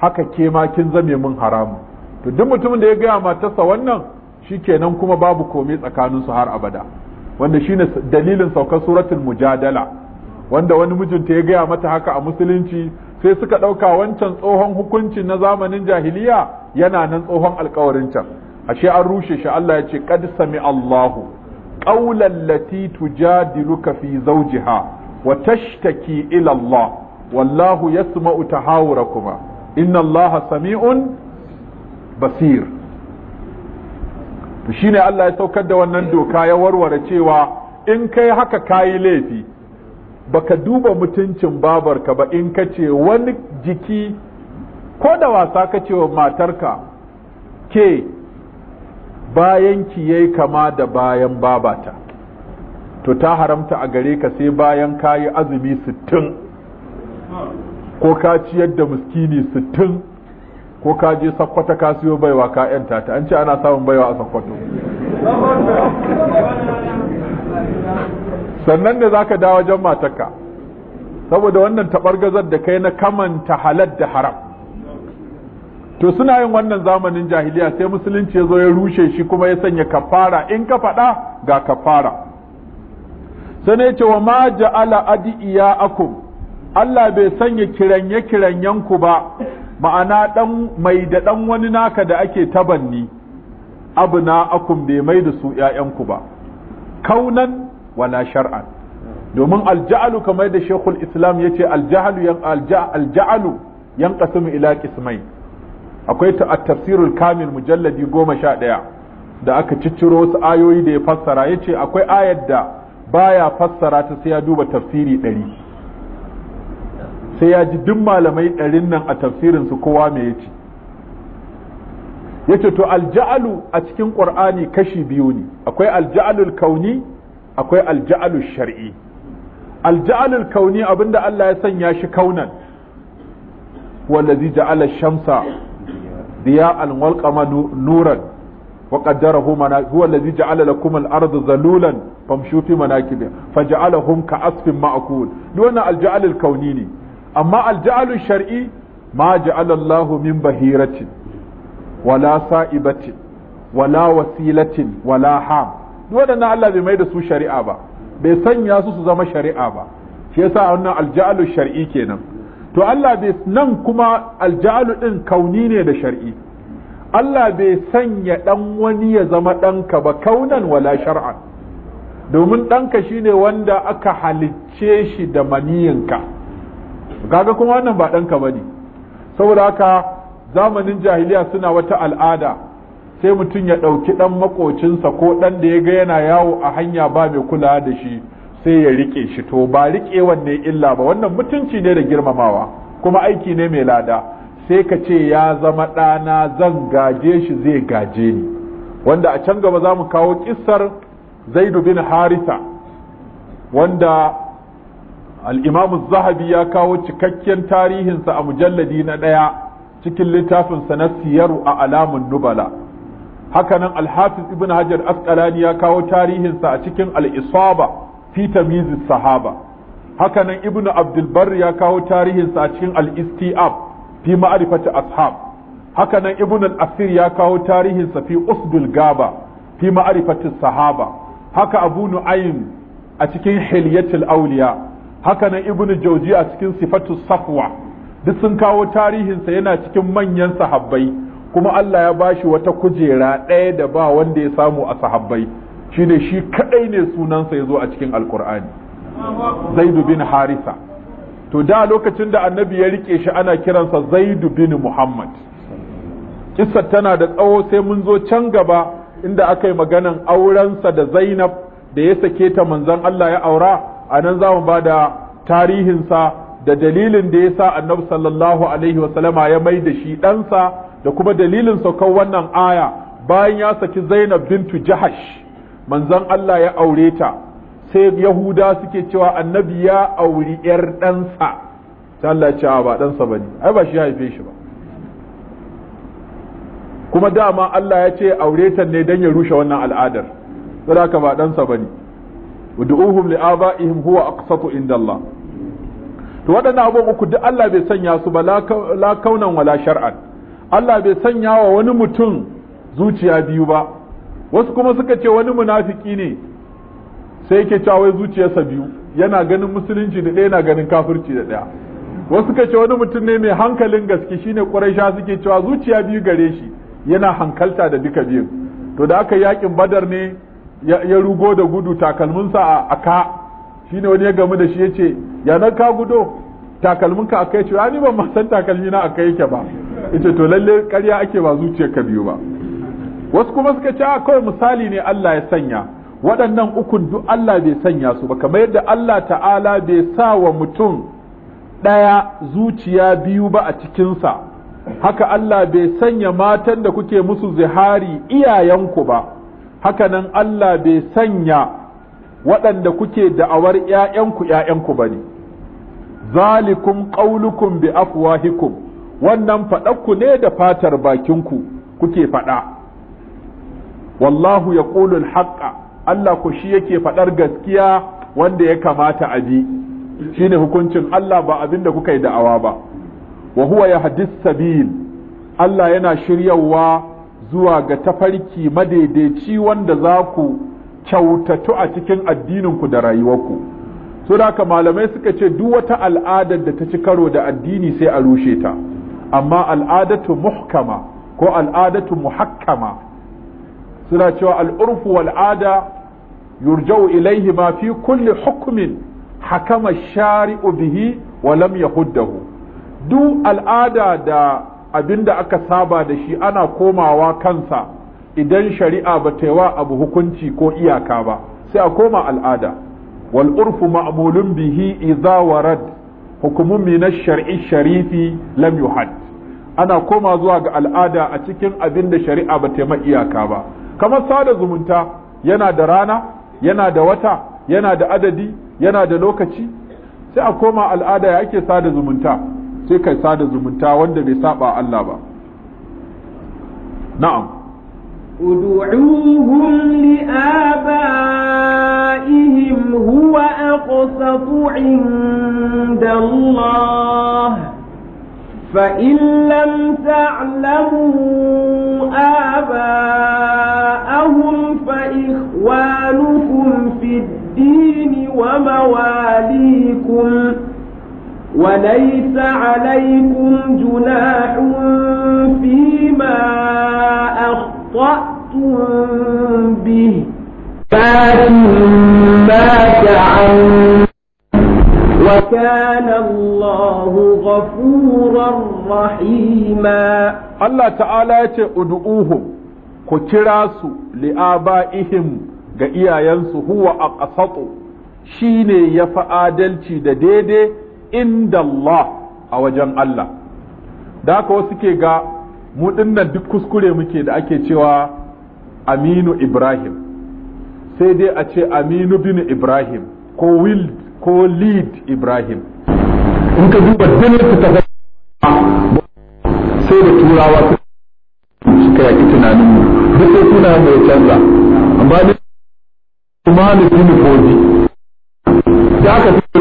haka ke ma kin zame min haramu to duk mutumin da ya gaya matarsa wannan shi shikenan kuma babu komai tsakaninsu har abada wanda shine dalilin saukar suratul mujadala wanda wani mijinta ya gaya mata haka a musulunci sai suka ɗauka wancan tsohon hukuncin na zamanin jahiliya yana nan tsohon alkawarin can ashe an rushe shi Allah ya ce qad sami Allahu qawlan lati tujadiluka fi zawjiha wa tashtaki ila Allah wallahu yasma'u tahawurakuma inna Allah sami'un basir shine Allah ya saukar da wannan doka ya warware cewa in kai haka kayi laifi baka duba mutuncin babarka ba in ka ce wani jiki ko da wasa ka ce wa matarka ke bayanki yayi kama da bayan babata to ta haramta a gare ka sai bayan kayi azumi sittin ko ka ciyar da miskini sittin ko ka je sakkwata ka siyo baiwa ka yanta ta an ce ana samun baiwa a sakkwato sannan ne za ka dawo wajen matarka saboda wannan taɓargazar da kai na kamanta halal da haram to suna yin wannan zamanin jahiliya sai musulunci ya zo ya rushe shi kuma ya sanya kafara in ka faɗa ga kafara sai ne ce wa ma ja'ala adiya akum Allah bai sanya kiranye kiranyen ku ba ma'ana dan mai da dan wani naka da ake tabanni abu na akum bai mai da su ƴaƴanku ba kaunan wala shar'an domin alja'alu kamar da shekul islam ya ce alja'alu yan alja'alu yan ila qismain akwai ta tafsirul kamil mujalladi goma sha ɗaya da aka cicciro wasu ayoyi da ya fassara ya ce akwai ayar da baya fassara ta sai ya duba tafsiri ɗari sai ya ji duk malamai ɗarin nan a tafsirin su kowa me ya ce yace to alja'alu a cikin qur'ani kashi biyu ne akwai alja'alul kauni akwai alja'alul shari'i. alja'alul kauni abinda Allah ya sanya shi kaunan wallazi ja'ala shamsa ضياء والقمر نورا وقدره منا هو الذي جعل لكم الارض ذلولا فامشوا في مناكبها فجعلهم كعصف ماكول دون الجعل الكوني اما الجعل الشرعي ما جعل الله من بهيرة ولا سائبة ولا وسيلة ولا حام دون الله بما يدسو شريعة با بيسن ياسو سزم شريعة با shi yasa wannan alja'alu shar'i kenan to Allah bai nan kuma aljalu ɗin kauni ne da shar'i Allah bai sanya ɗan wani ya zama ɗanka ba kaunan wala shar'a domin ɗanka shine wanda aka halicce shi da maniyinka kaga kuma wannan ba ɗanka ba ne saboda haka zamanin jahiliya suna wata al'ada sai mutum ya ɗauki ɗan makocinsa ko ɗan da ya ga yana yawo a hanya ba mai kula da shi sai ya rike shi to ba rike wanne illa ba wannan mutunci ne da girmamawa kuma aiki ne mai lada sai ka ce ya zama ɗana zan gaje shi zai gaje ni wanda a can gaba za mu kawo kissar zaidu bin haritha wanda al'imamu zahabi ya kawo cikakken tarihinsa a mujalladi na ɗaya cikin littafinsa na siyaru a alamun nubala hakanan alhafiz ibn hajar asqalani ya kawo tarihinsa a cikin al'isaba fi tamizi sahaba haka nan ibnu abdul ya kawo tarihin sa cikin al-istiab fi ma'rifati ashab haka ibnu al-asir ya kawo tarihin sa fi usdul gaba fi ma'rifati sahaba haka abu nu'aym a cikin hilyatul awliya hakanan ibnu jawzi a cikin sifatu safwa duk sun kawo tarihin sa yana cikin manyan sahabbai kuma Allah ya bashi wata kujera ɗaya da ba wanda ya samu a sahabbai shine shi kadai ne sunansa ya zo a cikin alkur'ani zaidu bin harisa to da lokacin da annabi ya rike shi ana kiransa zaidu bin muhammad Kisa tana da tsawo sai mun zo can gaba inda aka yi maganan aurensa da zainab da ya sake ta manzon allah ya aura a nan za mu ba da tarihinsa da dalilin da ya sa annabi sallallahu alaihi wasallama ya mai da shi ɗansa da kuma dalilin saukar wannan aya bayan ya saki zainab bintu jahash manzon Allah ya aure ta sai yahuda suke cewa annabi ya auri yar ɗansa ta Allah ce ba ɗansa ba ne ai ba shi haife shi ba kuma dama Allah ya ce aure ta ne don ya rushe wannan al'adar saboda ba ɗansa ba ne wad'uhum li'aba'ihim huwa aqsatu inda Allah to waɗannan abubuwan uku duk Allah bai sanya su ba la kaunan wala shar'an Allah bai sanya wa wani mutum zuciya biyu ba wasu kuma suka ce wani munafiki ne sai yake cewa wai zuciyarsa biyu yana ganin musulunci da ɗaya yana ganin kafirci da ɗaya wasu suka ce wani mutum ne mai hankalin gaske shine ƙuraisha suke cewa zuciya biyu gare shi yana hankalta da duka biyun to da aka yakin badar ne ya rugo da gudu takalminsa a aka shine wani ya gamu da shi yace ya nan ka gudo takalminka akai cewa ni ban san takalmina akai yake ba ita to lalle ƙarya ake ba zuciyarka biyu ba wasu kuma suka ce kawai misali ne Allah ya sanya waɗannan ukun duk Allah bai sanya su ba kamar yadda Allah ta'ala bai sa wa mutum ɗaya zuciya biyu ba a cikinsa haka Allah bai sanya matan da kuke musu zihari iyayenku ba haka nan Allah bai sanya waɗanda kuke da'awar ‘ya'yanku ‘ya'yanku ba ne zalikun ƙaulukum bi afwahikum wannan faɗakku ne da fatar bakinku kuke faɗa wallahu ya al-haqqa Allah ko shi yake faɗar gaskiya wanda ya kamata a bi shine hukuncin Allah ba abin da kuka yi da'awa ba wahuwa huwa yahdis sabil Allah yana shiryawa zuwa ga tafarki madaidaici wanda za ku kyautatu a cikin addininku da rayuwarku su da malamai suka ce duk wata al'adar da ta ci karo da addini sai a rushe ta amma al'adatu muhkama ko al'adatu muhakkama suna cewa al'urfu wal'ada yurja'u ilaihi ma fi kulli hukumin hakama shari'u bihi wa lam yahuddahu duk al'ada da abin da aka saba da shi ana komawa kansa idan shari'a ba ta wa abu hukunci ko iyaka ba sai a koma al'ada wal'urfu ma'amulin bihi idza warad hukumun min ash sharifi lam yuhad ana koma zuwa ga al'ada a cikin abin da shari'a ba ta iyaka ba kamar sada zumunta yana da rana yana da wata yana da adadi yana da lokaci sai a koma al'ada ya ake sada zumunta sai kai sada zumunta wanda bai saba Allah ba na'am li'aba'ihim huwa aqsatu inda Allah, fa in lam ta'lamu آبائهم تولوهم فإخوانكم في الدين ومواليكم وليس عليكم جناح فيما أخطأتم به ما عن وكان الله غفورا رحيما الله تعالى يقول ku kira su li'aba'ihim ga iyayensu huwa a aqsatu shine yafi adalci da daidai inda Allah a wajen Allah da haka wasu ke ga mu dinnan duk kuskure muke da ake cewa Aminu Ibrahim sai dai a ce Aminu bin Ibrahim ko Wild ko Lead Ibrahim in ka duba dinin sai da turawa suka yaki tunanin mu duk sai suna mai canza amma ne kuma ne kuma koji Ya ka fi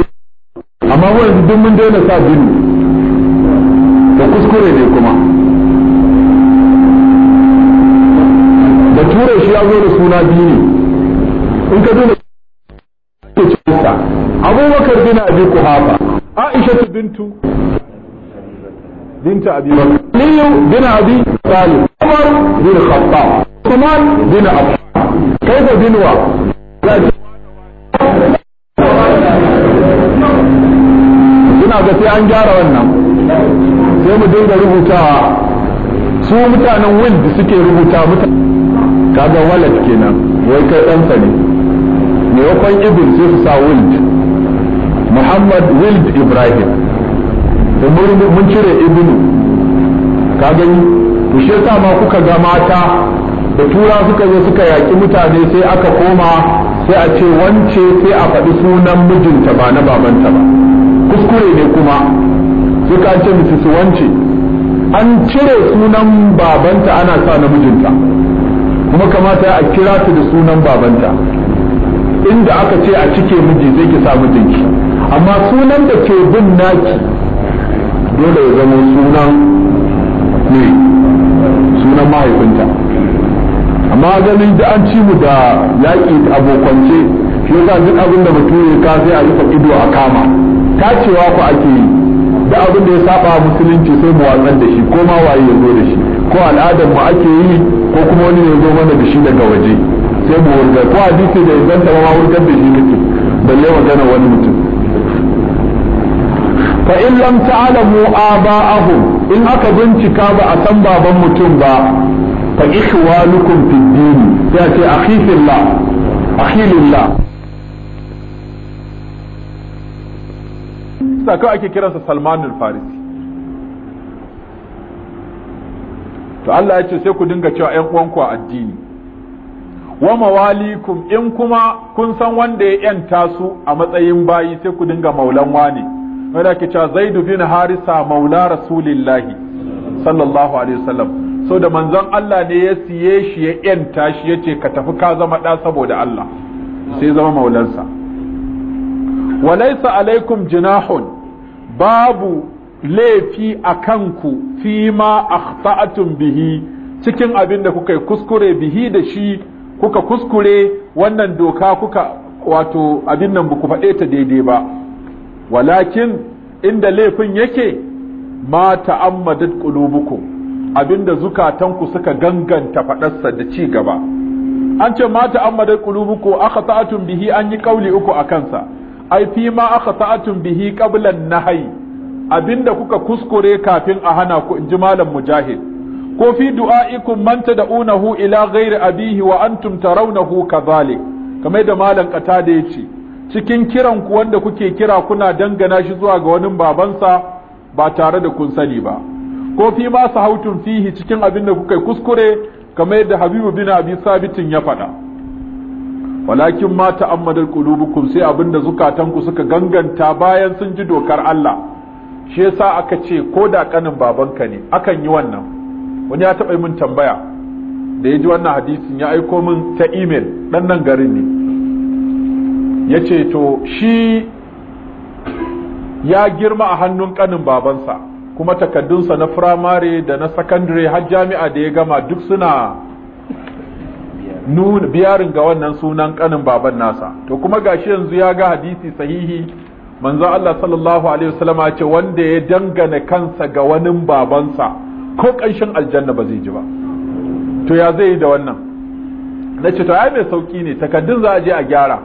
amma wani duk mun daina sa bini da kuskure ne kuma da tura shi ya zo da suna bini in ka dina ke cikinsa abubakar bin abi kuhafa aisha bintu binta abi bakar bin abi talib umar bin khattab Usman bin Affan kai da binwa ina ga sai an gyara wannan sai mu dinga rubutawa su mutanen wind suke rubuta mutane kaga walad kenan wai kai ɗansa ne maimakon ibn sai su sa wild muhammad wild ibrahim mun cire ibnu ka gani to shi ma kuka ga mata da tura suka zo suka yaƙi mutane sai aka koma sai a ce wance sai a faɗi sunan mijinta ba na babanta ba kuskure ne kuma suka ce su wance an cire sunan babanta ana sa na mijinta kuma kamata a kira ta da sunan babanta inda aka ce a cike miji zai ki sa mijinki amma sunan da ke bin naki dole ya zama sunan ne sunan mahaifinta maganin da an ci mu da yaƙi abokance shi yasa duk abin da mutum ya ka a rufe ido a kama ta cewa ku ake yi da abin da ya saba musulunci sai mu watsar da shi ko ma waye ya zo da shi ko al'adar mu ake yi ko kuma wani ya zo mana da shi daga waje sai mu wurga ko hadisi da inganta ma wurgar da shi kake balle magana wani mutum fa in lam ta'lamu aba'ahum in aka bincika ba a san baban mutum ba fa ikhwanukum fid din Ya ce akhi fillah akhi lillah saka ake kiransa Salman al-Farisi to Allah ya ce sai ku dinga cewa ƴan uwanku a addini wa mawalikum in kuma kun san wanda ya yanta su a matsayin bayi sai ku dinga maulan wani wanda ke cewa Zaid bin Harisa maula rasulillahi sallallahu alaihi wasallam so da manzon Allah ne ya siye shi ya yanta shi ya ce ka tafi ka zama ɗa saboda Allah sai zama maulansa walaisa alaikum jinahun babu laifi a kanku fi ma akhta'atum bihi cikin abin da kuka kuskure bihi da shi kuka kuskure wannan doka kuka wato abin nan ku faɗe ta daidai ba walakin inda laifin yake ma ta'ammadat qulubukum abinda zukatanku suka ganganta faɗarsa da ci gaba an ce mata an madar kulubuku aka ta'atun bihi an yi kauli uku a kansa ai fi ma aka ta'atun bihi qablan nahyi abinda kuka kuskure kafin a hana ku inji malam mujahid ko fi du'a'ikum man tad'unahu ila ghairi abihi wa antum tarawnahu kadhalik kamar da malam kata da yace cikin kiran ku wanda kuke kira kuna dangana shi zuwa ga wani babansa ba tare da kun sani ba ko fi ma sahautun fihi cikin abin da kuka kuskure kamar yadda habibu bin abi sabitin ya faɗa walakin ma ta'ammadal qulubukum sai abin da zukatanku suka ganganta bayan sun ji dokar Allah shi yasa aka ce ko da kanin babanka ne akan yi wannan wani ya taɓa min tambaya da ya ji wannan hadisin ya aiko min ta email ɗan nan garin ne ya ce to shi ya girma a hannun kanin babansa kuma takaddunsa na firamare da na sakandare har jami'a da ya gama duk suna biyarin ga wannan sunan kanin baban nasa to kuma gashi yanzu ya ga hadisi sahihi manzo Allah sallallahu alaihi wasallama ce wanda ya dangana kansa ga wani babansa ko kanshin aljanna ba zai ji ba to ya zai yi da wannan nace to ai mai sauki ne takaddun za a je a gyara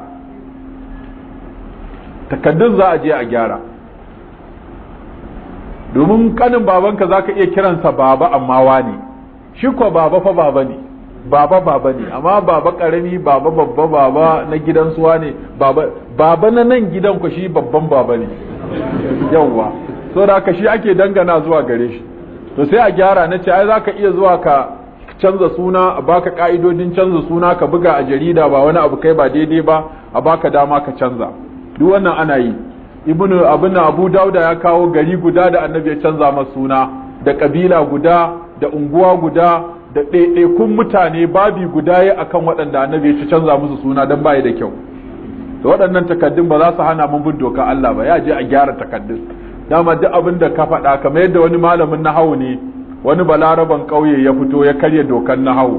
takaddun za a je a gyara domin kanin babanka za ka iya kiransa baba amma wane shi ko baba fa baba ne baba baba ne amma baba karami baba babba baba na gidan suwa ne baba baba na nan gidan ku shi babban baba ne yawwa so da ka shi ake dangana zuwa gare shi to sai a gyara na ce ai za ka iya zuwa ka canza suna a baka ka'idodin canza suna ka buga a jarida ba wani abu kai ba daidai ba a baka dama ka canza duk wannan ana yi ibnu abin abu dauda ya kawo gari guda da annabi ya canza masa suna da kabila guda da unguwa guda da ɗaiɗaikun mutane babi guda ya akan waɗanda annabi ya canza musu suna don bayi da kyau to waɗannan takaddun ba za su hana mun bin doka Allah ba ya je a gyara takaddun dama duk abin da ka faɗa kamar yadda wani malamin nahawu ne wani balaraban ƙauye ya fito ya karya dokar nahawu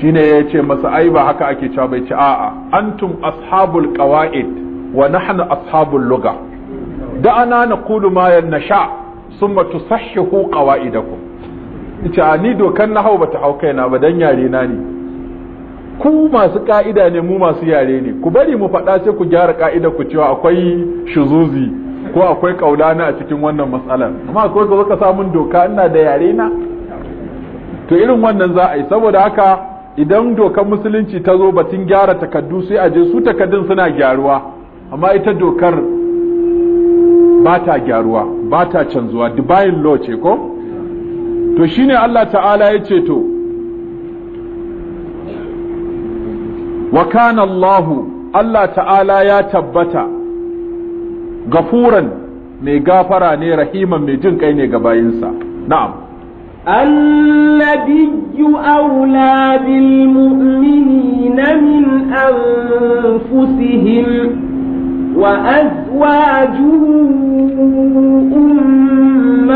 shine ya ce masa ai ba haka ake cewa bai ci a'a antum ashabul qawaid wa nahnu ashabul lugha da'ana naqulu ma yanasha thumma tusahhihu qawaidakum ita ni dokan nahau bata hau kaina ba dan yare na ne ku masu ka'ida ne mu masu yare ne ku bari mu faɗa sai ku gyara ka'ida ku cewa akwai shuzuzi ko akwai kaulana a cikin wannan matsalar amma akwai ka samu samun doka ina da yare na to irin wannan za a yi saboda haka idan dokar musulunci ta zo batun gyara takaddu sai a je su takaddun suna gyaruwa amma ita dokar ba ta gyaruwa ba ta canzuwa divine law ce ko to shine Allah ta'ala ya ce to wa kana Allah Allah ta'ala ya tabbata gafuran mai gafara ne rahiman mai jin kai ne ga bayinsa na'am النبي أولى بالمؤمنين من أنفسهم وأزواجه أمهاتهم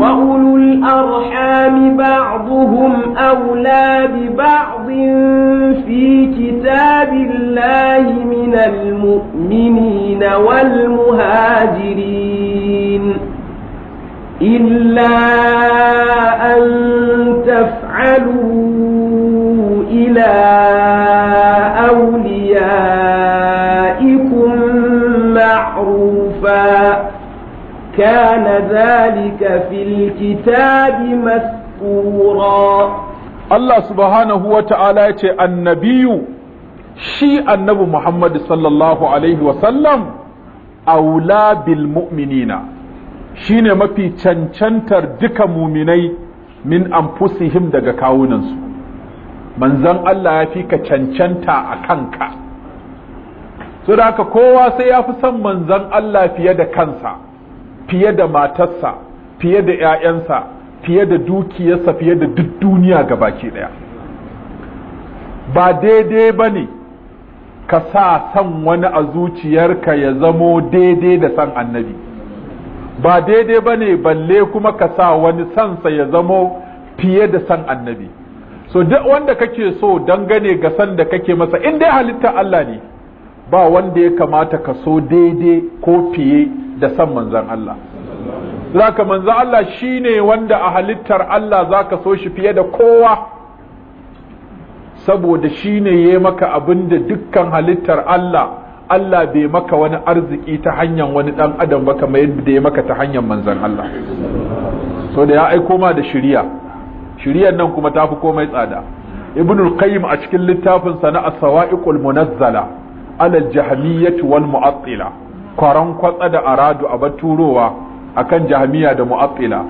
وأولو الأرحام بعضهم أولى ببعض في كتاب الله من المؤمنين والمهاجرين إلا أن تفعلوا إلى كان ذلك في الكتاب مسطورا الله سبحانه وتعالى النبي شيء النبي محمد صلى الله عليه وسلم أولى بالمؤمنين shine mafi cancantar duka muminai min anfusihim daga kawunansu manzan Allah ya fi cancanta a kanka so da haka kowa sai ya fi son manzan Allah fiye da kansa fiye da matarsa fiye da 'ya'yansa fiye da dukiyarsa fiye da duk duniya gabaki ɗaya ba daidai ba ne ka sa san wani a zuciyarka ya zamo daidai da san annabi ba daidai ba ne balle kuma ka sa wani sansa ya zamo fiye da san annabi so duk wanda kake so dangane ga san da kake masa in dai halitta Allah ne ba wanda ya kamata ka so daidai ko fiye da san manzan Allah Za ka manzan Allah shi ne wanda a halittar Allah za ka so shi fiye da kowa saboda shi ne yayi maka abin da dukkan halittar Allah Allah bai maka wani arziki ta hanyar wani ɗan adam ba kamar yadda ya maka ta hanyar manzan Allah so da ya aiko ma da shiriya shiriyar nan kuma ta fi komai tsada ibnul qayyim a cikin littafin sa na as-sawa'iqul munazzala ala al-jahmiyyah wal mu'attila kwaron kwatsa da aradu a baturowa akan jahmiya da ya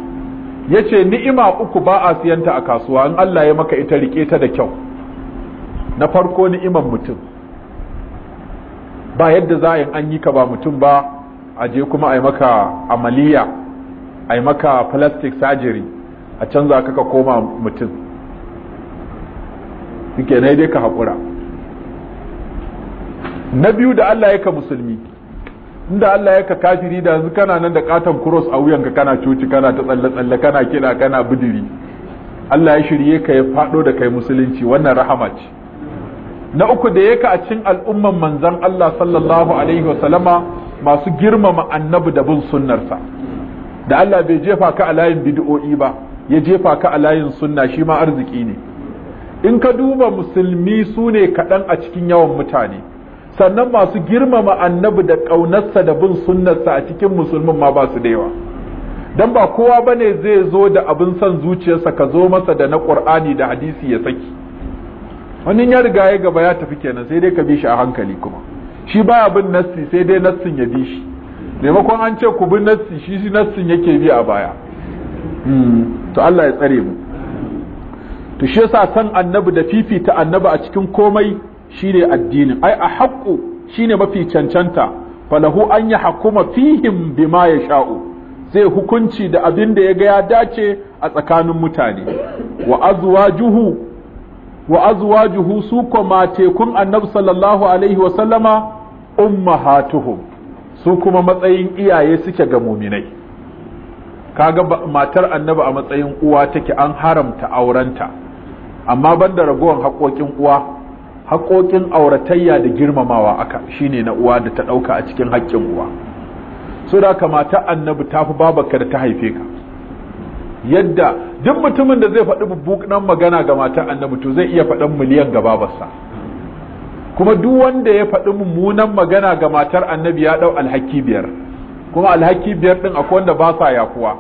yace ni'ima uku ba a siyanta a kasuwa in Allah ya maka ita rike ta da kyau na farko ni'iman mutum ba yadda za a an yi ka ba mutum ba a je kuma a yi maka amaliya a yi maka plastic surgery a canza ka koma mutum suke dai ka haƙura na biyu da Allah ya ka musulmi inda Allah ya ka kafiri da yanzu kana nan da katon cross a wuyanka kana coci kana ta tsalle tsalle kana kiɗa kana bidiri Allah ya shirye ka ya faɗo da kai musulunci wannan rahama ce na uku da yake a cikin al'umman manzon Allah sallallahu alaihi wa sallama masu girmama annabi da bin sunnarsa da Allah bai jefa ka a layin bid'o'i ba ya jefa ka a layin sunna shi ma arziki ne in ka duba musulmi sune ne kaɗan a cikin yawan mutane sannan masu girmama annabi da ƙaunarsa da bin sunnarsa a cikin musulmin ma ba su da yawa dan ba kowa bane zai zo da abin son zuciyarsa ka zo masa da na ƙur'ani da hadisi ya saki wannan ya riga ya gaba ya tafi kenan sai dai ka bi shi a hankali kuma shi baya bin nassi sai dai nassin ya bi shi maimakon an ce ku bi nassi shi shi nassin yake bi a baya hmm, to Allah ya tsare mu to shi yasa san annabi da fifita annabi a cikin komai shine addinin ai a haƙƙu shine mafi cancanta falahu an ya hakuma fihim bima ya sha'u zai hukunci da abin da ya ga ya dace a tsakanin mutane wa azwajuhu wa azwajuhu su kuma tekun annabi sallallahu alaihi wa sallama ummahatuhum su kuma matsayin iyaye suke ga muminai kaga matar annabi a matsayin uwa take an haramta aurenta amma banda ragowar haƙoƙin uwa haƙoƙin auratayya da girmamawa aka shine na uwa da ta ɗauka a cikin haƙƙin uwa su da mata annabi ta fi babarka da ta haife ka yadda duk mutumin da zai faɗi nan magana ga mata annabi to zai iya faɗan miliyan ga babarsa kuma duk wanda ya faɗi mummunan magana ga matar annabi ya ɗau alhaki biyar kuma alhaki biyar ɗin akwai wanda ba sa yakuwa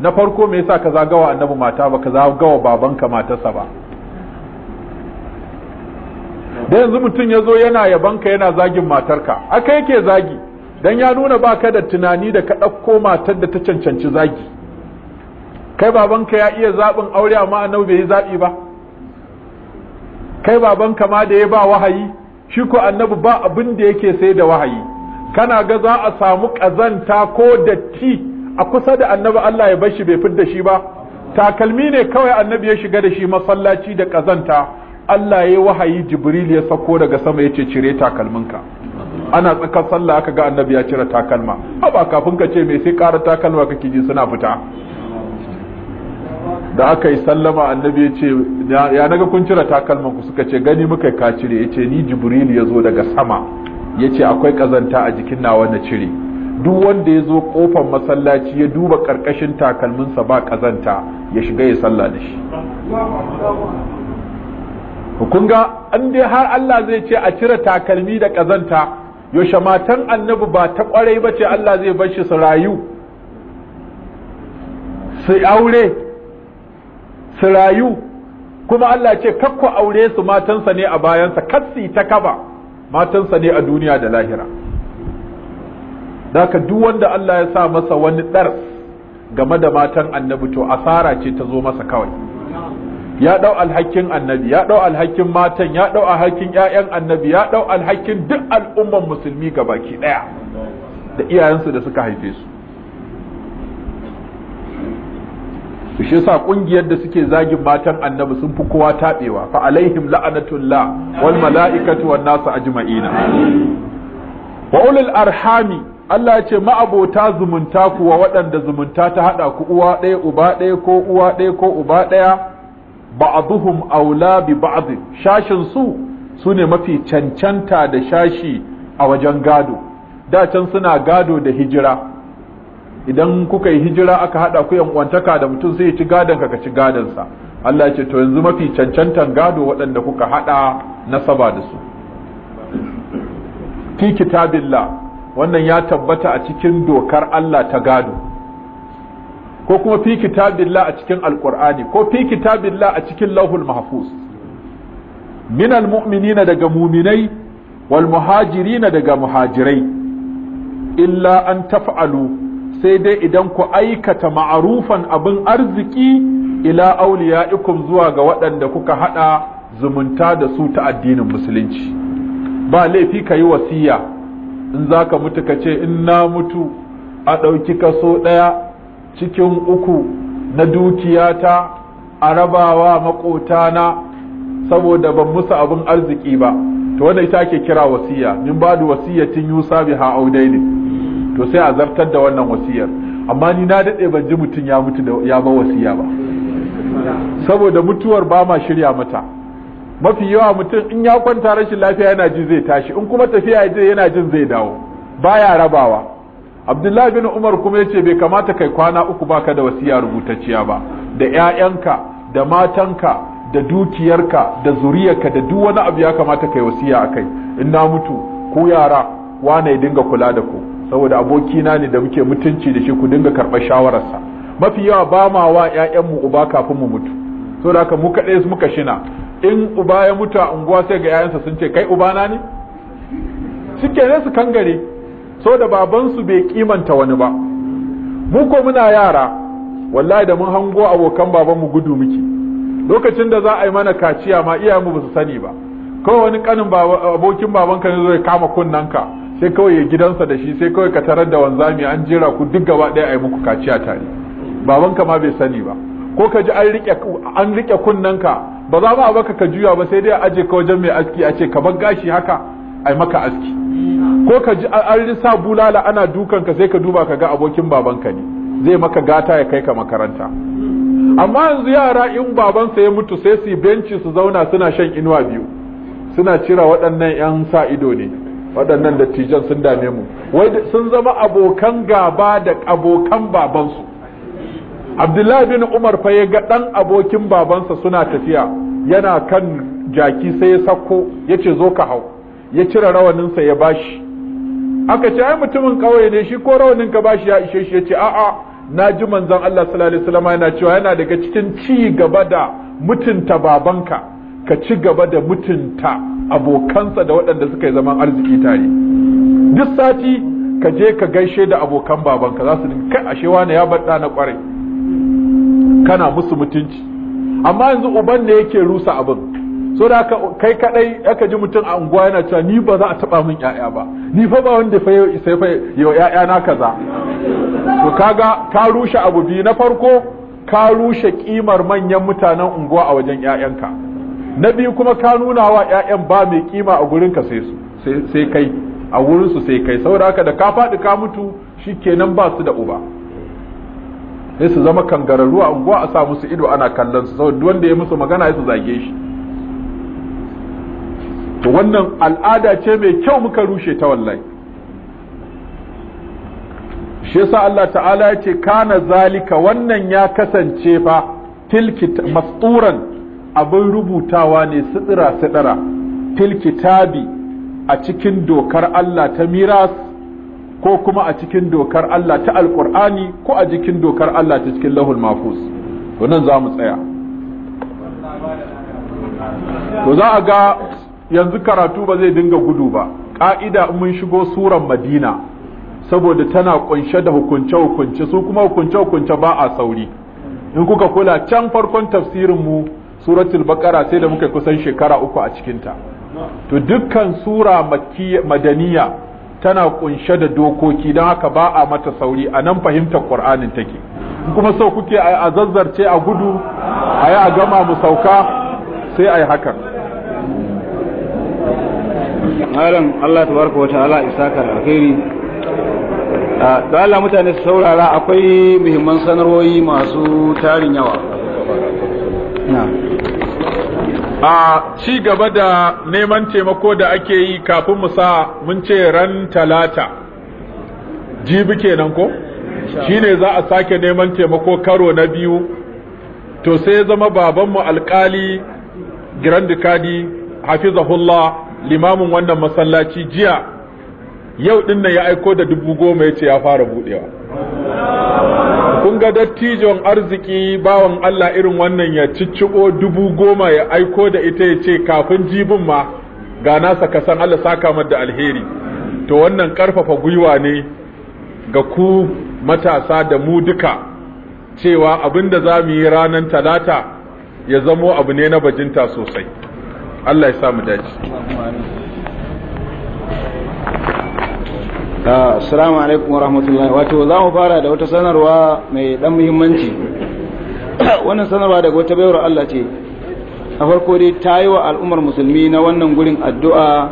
na farko me yasa ka zagawa annabi mata ba ka zagawa babanka matarsa ba da yanzu mutum ya zo yana yabanka yana zagin matarka aka yake zagi dan ya nuna baka da tunani da ka ɗauko matar da ta cancanci zagi kai babanka ya iya zaɓin aure amma annabi bai yi zaɓi ba kai babanka ma da ya ba wahayi shi ko annabi ba abin da yake sai da wahayi kana ga za a samu kazanta ko datti a kusa da annabi Allah ya bar shi bai fidda shi ba takalmi ne kawai annabi ya shiga da shi masallaci da ƙazanta Allah ya wahayi Jibril ya sako daga sama ya ce cire takalminka ana tsakar sallah aka ga annabi ya cire takalma haba kafin ka ce me sai ƙara takalma kake ji suna fita da aka yi sallama annabi ya ce ya naga kun cire takalman ku suka ce gani muka ka cire ya ce ni jibril ya zo daga sama ya ce akwai kazanta a jikin nawa na cire duk wanda ya zo kofar masallaci ya duba karkashin takalminsa ba kazanta ya shiga ya sallah da shi kun ga an dai har Allah zai ce a cire takalmi da ƙazanta, yaushe matan annabi ba ta kwarai ba ce Allah zai bar shi su rayu su aure su rayu kuma Allah ce kakko aure su matansa ne a bayansa katsi ta kaba matansa ne a duniya da lahira Daka duk wanda Allah ya sa masa wani ɗar game da matan annabi to asara ce ta zo masa kawai ya ɗau alhakin annabi ya ɗau alhakin matan ya ɗau alhakin ƴaƴan annabi ya ɗau alhakin duk al'umman musulmi gabaki ɗaya da iyayensu da suka haife su shi ƙungiyar ƙungiyar da suke zagin matan annabi sun fi kowa taɓewa fa alaihim la'anatullah wal mala'ikatu wan nasu ajma'ina wa ulul arhami Allah ya ce ma'abota zumunta kuwa waɗanda zumunta ta haɗa ku uwa ɗaya uba ɗaya ko uwa ɗaya ko uba ɗaya ba'duhum aula bi ba'd shashin su sune mafi cancanta da shashi a wajen gado da can suna gado da hijira idan kuka yi hijira aka hada ku yan uwantaka da mutum sai ya ci gadon ka ci gadon sa Allah ya ce to yanzu mafi cancantan gado waɗanda kuka hada nasaba da su fi kitabillah wannan ya tabbata a cikin dokar Allah ta gado ko kuma fi kitabillah a cikin alqur'ani ko fi kitabillah a cikin lauhul mahfuz min almu'minina daga muminai wal muhajirina daga muhajirai illa an taf'alu sai dai idan ku aikata ma'arufan abin arziki ila auliya'ikum zuwa ga waɗanda kuka haɗa zumunta da su ta addinin musulunci ba laifi ka wasiya in zaka mutu kace ce in na mutu a ɗauki kaso ɗaya cikin uku na dukiyata a rabawa maƙotana saboda ban musu abin arziki ba to wanda ita ake kira wasiya min ba da wasiyatin yusa ha audaini to sai a zartar da wannan wasiyar amma ni na daɗe ban ji mutum ya mutu da ya ba wasiya ba saboda mutuwar ba ma shirya mata mafi yawa mutum in ya kwanta rashin lafiya yana ji zai tashi in kuma tafiya ya je yana jin zai dawo baya rabawa abdullahi bin umar kuma ya ce bai kamata kai kwana uku baka da wasiya rubutacciya ba da ƴaƴanka da matanka da dukiyarka da zuriyarka da duk wani abu ya kamata kai wasiya akai in na mutu ku yara wane ya dinga kula da ku saboda abokina ne da muke mutunci da shi ku dinga karɓar shawararsa mafi yawa ba ma wa ƴaƴanmu uba kafin mu mutu saboda haka mu kaɗai muka shina in uba ya mutu a unguwa sai ga 'ya'yansa sun ce kai uba na ne suke ne su kangare so da babansu bai kimanta wani ba mu ko muna yara wallahi da mun hango abokan babanmu gudu muke lokacin da za a yi mana kaciya ma iyayenmu ba su sani ba kawai wani kanin abokin babanka ne zo ya kama kunnanka sai kawai ya gidansa da shi sai kawai ka tarar da wanzami an jira ku duk gaba ɗaya a yi muku kaciya tare babanka ma bai sani ba ko ka ji an rike kunnanka ba za ma a baka ka juya ba sai dai a aje ka wajen mai aski a ce ka bar gashi haka ai maka aski ko ka ji an sa bulala ana dukan ka sai ka duba ka ga abokin babanka ne zai maka gata ya kai ka makaranta amma yanzu yara in babansa ya mutu sai su benci su zauna suna shan inuwa biyu suna cira waɗannan 'yan sa ido ne waɗannan dattijan sun dame mu wai sun zama abokan gaba da abokan babansu abdullahi bin umar fa ya ga ɗan abokin babansa suna tafiya yana kan jaki sai ya sako ya ce zo ka hau ya cire rawaninsa ya bashi aka ce ai mutumin kauye ne shi ko rawanin ka bashi ya ishe shi ya ce a'a na ji manzon Allah sallallahu alaihi wasallam yana cewa yana daga cikin ci gaba da mutunta babanka ka ci gaba da mutunta abokansa da waɗanda suka yi zaman arziki tare duk sati ka je ka gaishe da abokan babanka za su din kai ashe wani ya bar na kwarai kana musu mutunci amma yanzu uban ne yake rusa abin so da kai kadai aka ji mutum a unguwa yana cewa ni ba za a taba min yaya ba ni fa ba wanda fa sai fa yau yaya na kaza to kaga ka rushe abu biyu na farko ka rushe kimar manyan mutanen unguwa a wajen yayanka na biyu kuma ka nuna wa yayan ba mai kima a gurin ka sai su sai kai a gurin su sai kai saboda haka da ka faɗi ka mutu shikenan ba su da uba sai su zama kangararru a unguwa a sa musu ido ana kallon su saboda wanda ya musu magana ya su zage shi to wannan al'ada ce mai kyau muka rushe ta wallahi shi yasa Allah ta'ala ya ce kana zalika wannan ya kasance fa tilki masturan abin rubutawa ne sidira sidira tilkitabi a cikin dokar Allah ta miras ko kuma a cikin dokar Allah ta alkur'ani ko a cikin dokar Allah ta cikin lahul mahfuz to za mu tsaya to za a ga yanzu karatu ba zai dinga gudu ba ƙa'ida mun shigo suran madina saboda tana kunshe da hukunce-hukunce su kuma hukunce-hukunce ba a sauri in kuka kula can farkon tafsirin mu suratul baqara sai da muka kusan shekara uku a cikinta to dukkan sura madaniya tana kunshe da dokoki don haka ba a mata sauri a nan fahimtar qur'anin take kuma so kuke a zazzarce a gudu a yi a gama mu sauka sai a yi hakan malam Allah tabaraka wataala isa ka alkhairi da Allah mutane su saurara akwai muhimman sanarwoyi masu tarin yawa a ci gaba da neman taimako da ake yi kafin musa mun ce ran talata jibi kenan ko shine za a sake neman taimako karo na biyu to sai zama babanmu alkali grand kadi hafizahullah limamin wannan masallaci jiya yau din nan ya aiko da dubu goma ya ce ya fara budewa kun ga dattijon arziki bawan Allah irin wannan ya cicciko dubu goma ya aiko da ita ya ce kafin jibin ma ga nasa san Allah saka da alheri to wannan karfafa gwiwa ne ga ku matasa da mu duka cewa abinda za mu yi ranar talata ya zamo abu ne na bajinta sosai Allah ya sa mu dace ah, assalamu alaikum wa rahmatullahi wato za mu fara da wata sanarwa mai dan muhimmanci wannan sanarwa daga wata bayar Allah ce a farko dai ta yi wa al'ummar musulmi na wannan gurin addu'a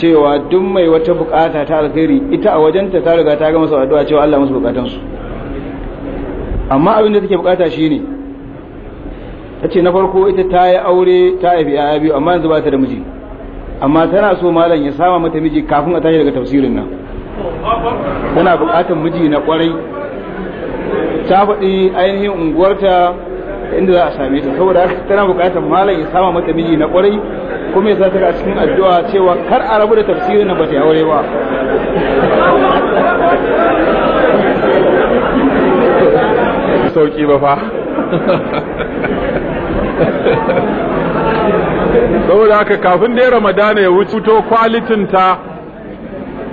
cewa duk mai wata bukata ta alkhairi ita a wajenta ta riga ta ga masa addu'a cewa Allah musu bukatansu amma abin da take bukata shine ta ce na farko ita ta yi aure ta haifi yaya biyu amma yanzu ba ta da miji amma tana so malam ya sama mata miji kafin a tashi daga tafsirin nan tana buƙatar miji na kwarai ta faɗi ainihin unguwarta inda za a same ta saboda tana buƙatar malam ya sama mata miji na kwarai kuma ya sa ta a cikin addu'a cewa kar a rabu da tafsirin nan ba ta aure ba sauki ba fa saboda haka kafin dai ramadana ya wuce to kwalitin ta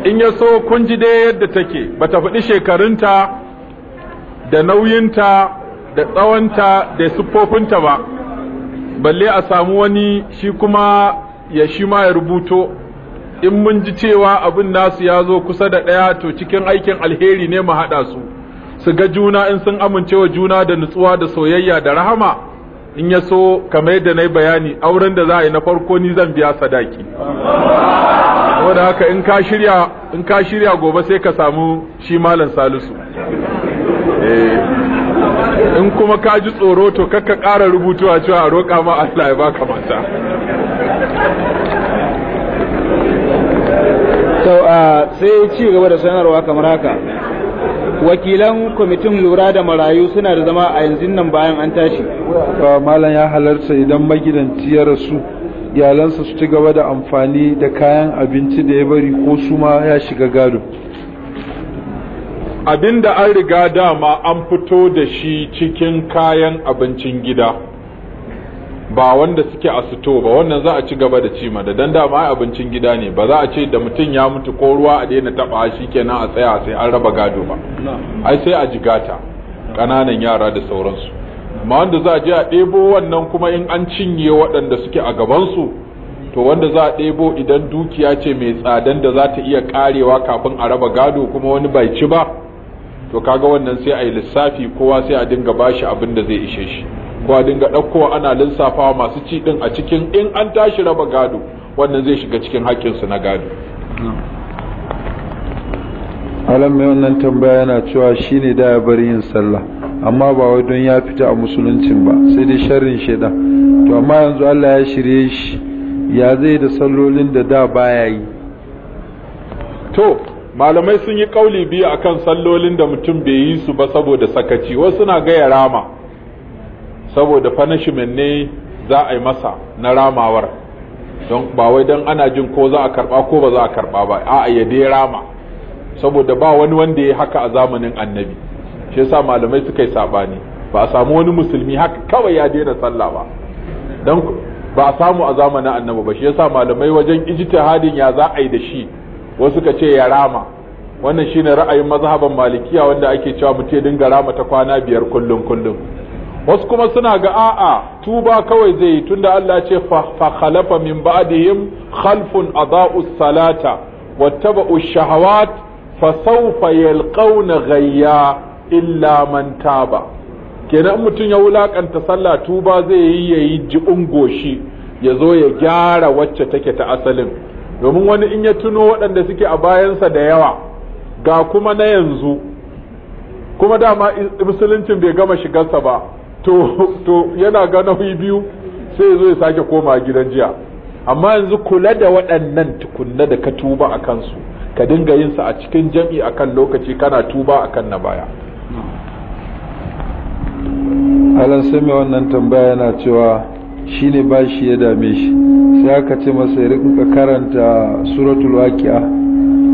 in ya so kun ji dai yadda take ba bata faɗi shekarunta da nauyinta da tsawonta da siffofinta ba balle a samu wani shi kuma ya shi ma ya rubuto in mun ji cewa abin nasu ya zo kusa da ɗaya to cikin aikin alheri ne mu haɗa su su ga juna in sun amincewa juna da nutsuwa da soyayya da rahama in ya so kamar yadda na yi bayani auren da za a yi na farko ni zan biya sadaki wadda haka in ka shirya gobe sai ka samu shi malam salisu eh, in kuma ka ji tsoro to kakka ƙara rubutuwa cewa a roƙa ma Allah ya baka mata ah, sai ci gaba da sanarwa kamar haka wakilan kwamitin lura da marayu suna da zama a yanzu nan bayan an tashi malam ya halarta idan magidanci ya rasu iyalansa su ci gaba da amfani da kayan abinci da ya bari ko su ma ya shiga gado abinda an riga dama an fito da shi cikin kayan abincin gida ba wanda suke a sito ba wannan za a ci gaba da ci da dan abincin gida ne ba za a ce da mutum ya mutu ko ruwa a daina taba shi kenan a tsaya sai an raba gado ba ai sai a jigata kananan yara da sauransu amma wanda za a je a ɗebo wannan kuma in an cinye waɗanda suke a gabansu to wanda za a ɗebo idan dukiya ce mai tsadan da za ta iya karewa kafin a raba gado kuma wani bai ci ba to kaga wannan sai a yi lissafi kowa sai a dinga bashi abin da zai ishe shi ba ga dinga ɗaukowa ana lissafawa masu ci ɗin a cikin in an tashi raba gado wannan zai shiga cikin haƙƙinsu na gado alam mai wannan tambaya yana cewa shi ne da ya bar yin sallah amma ba wai don ya fita a musuluncin ba sai dai sharrin sheda to amma yanzu Allah ya shirye shi ya zai da sallolin da da baya yi to malamai sun yi kauli biyu akan sallolin da mutum bai yi su ba saboda sakaci wasu na gaya rama saboda punishment ne za a yi masa na ramawar don ba wai don ana jin ko za a karba ko ba za a karba ba a ya dai rama saboda ba wani wanda ya haka a zamanin annabi shi yasa malamai suka yi sabani ba a samu wani musulmi haka kawai ya daina sallah ba don ba a samu a zamanin annabi ba shi yasa malamai wajen hadin ya za a yi da shi wasu ka ce ya rama wannan shine ra'ayin mazhaban malikiya wanda ake cewa mutum ya dinga rama ta kwana biyar kullum kullum wasu kuma suna ga a'a tuba kawai zai yi tunda Allah ce fa khalafa min ba'dihim khalfun adaa'us salata wattaba'u shahawat fa sawfa yalqawna ghayya illa man taba kenan mutum ya wulakanta sallah tuba zai yi yayi jibun goshi ya zo ya gyara wacce take ta asalin domin wani in ya tuno waɗanda suke a bayansa da yawa ga kuma na yanzu kuma dama musuluncin bai gama shigarsa ba to yana ga nauyi biyu sai yazo ya sake koma gidan jiya amma yanzu kula da waɗannan tukunna da ka tuba a kansu ka dinga yin su a cikin jam'i akan lokaci kana tuba akan na baya alan sai mai wannan tambaya yana cewa shi ne shi ya dame shi sai aka ce masa ya rinka karanta suratul waqi'a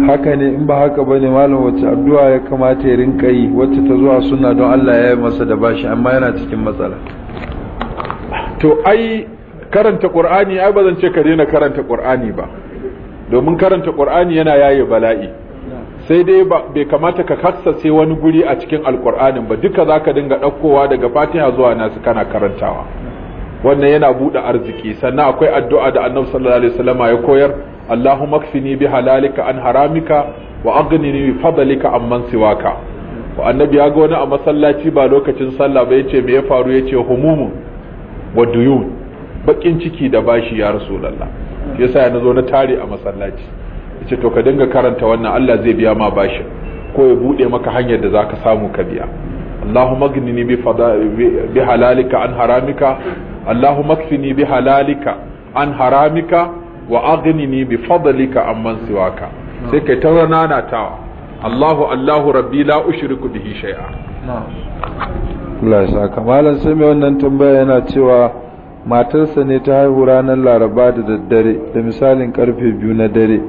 haka ne in ba haka ba ne malam wacce addu'a ya kamata ya rinka yi wacce ta zuwa suna don Allah ya yi masa da bashi amma yana cikin matsala to ai karanta qur'ani ai ba zan ce ka daina karanta qur'ani ba domin karanta qur'ani yana yaye bala'i sai dai bai kamata ka kassace wani guri a cikin alqur'anin ba duka zaka dinga ɗaukowa daga fatiha zuwa nasu kana karantawa wannan yana buɗe arziki sannan akwai addu'a da annabi sallallahu alaihi wasallama ya koyar Allahumma kfini bi halalika an haramika wa aghnini bi fadlika amman siwaka wa annabi ya ga wani a masallaci ba lokacin sallah ba yace me ya faru yace humumun wa duyun bakin ciki da bashi ya rasulullah shi yasa ya nazo na tare a masallaci yace to ka dinga karanta wannan Allah zai biya ma bashi ko ya bude maka hanyar da zaka samu ka biya اللهم اغنني بحلالك عن حرامك اللهم اكفني بحلالك عن حرامك واغنني بفضلك عمن سواك sai kai ta rana ta Allahu Allahu rabbi la ushriku bihi shay'a Allah ya saka malam sai mai wannan tambaya yana cewa matarsa ne ta haihu ranar Laraba da daddare da misalin karfe biyu na dare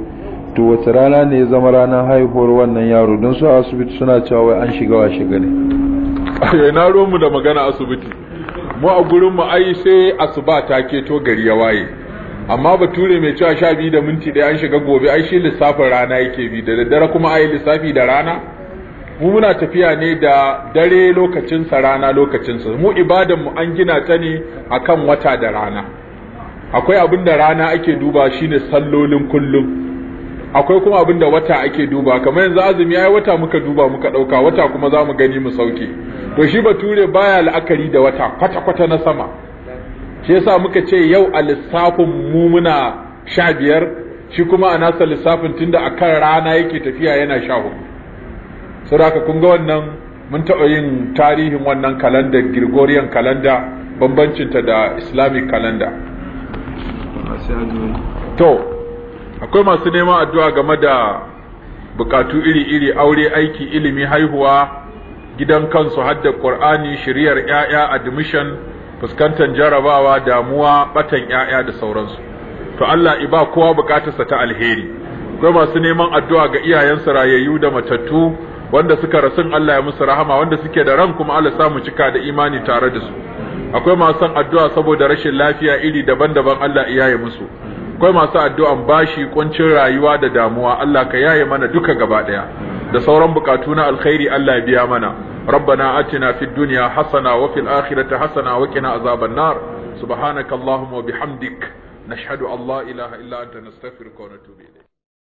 to wata rana ne ya zama ranar haihuwar wannan yaro don su asibiti suna cewa wai an shiga washe gari na mu da magana asibiti mu a gurin mu ai sai asuba ta keto gari ya waye amma bature mai cewa sha biyu da minti ɗaya an shiga gobe ai shi lissafin rana yake bi da daddare kuma ai lissafi da rana mu muna tafiya ne da dare lokacinsa rana lokacinsa mu ibadan mu an gina ta ne akan wata da rana akwai abin da rana ake duba shine sallolin kullum akwai kuma abin da wata ake duba kamar yanzu azumi ai wata muka duba muka ɗauka wata kuma za mu gani mu sauke to shi bature baya la'akari da wata kwata-kwata na sama shi yasa muka ce yau a lissafin mu muna sha biyar shi kuma a nasa lissafin tunda a kan rana yake tafiya yana sha hudu saboda kun ga wannan mun taɓa yin tarihin wannan kalanda Gregorian kalanda bambancinta da Islamic kalanda to akwai masu neman addu'a game da bukatu iri-iri aure aiki ilimi haihuwa gidan kansu hadda qur'ani shiriyar 'ya'ya, admission fuskantar jarabawa damuwa batan 'ya'ya da sauransu to Allah iba kowa bukatarsa ta alheri akwai masu neman addu'a ga iyayensu rayayyu da matattu wanda suka rasun Allah ya musu rahama wanda suke da ran kuma Allah samu cika da imani tare da su akwai masu addu'a saboda rashin lafiya iri daban-daban Allah iyaye musu akwai masu addu'an bashi kuncin rayuwa da damuwa Allah ka yaye mana duka gaba daya da sauran bukatu na alkhairi Allah ya biya mana ربنا آتنا في الدنيا حسنة وفي الآخرة حسنة وقنا عذاب النار سبحانك اللهم وبحمدك نشهد أن illa إله إلا أنت نستغفرك ونتوب إليك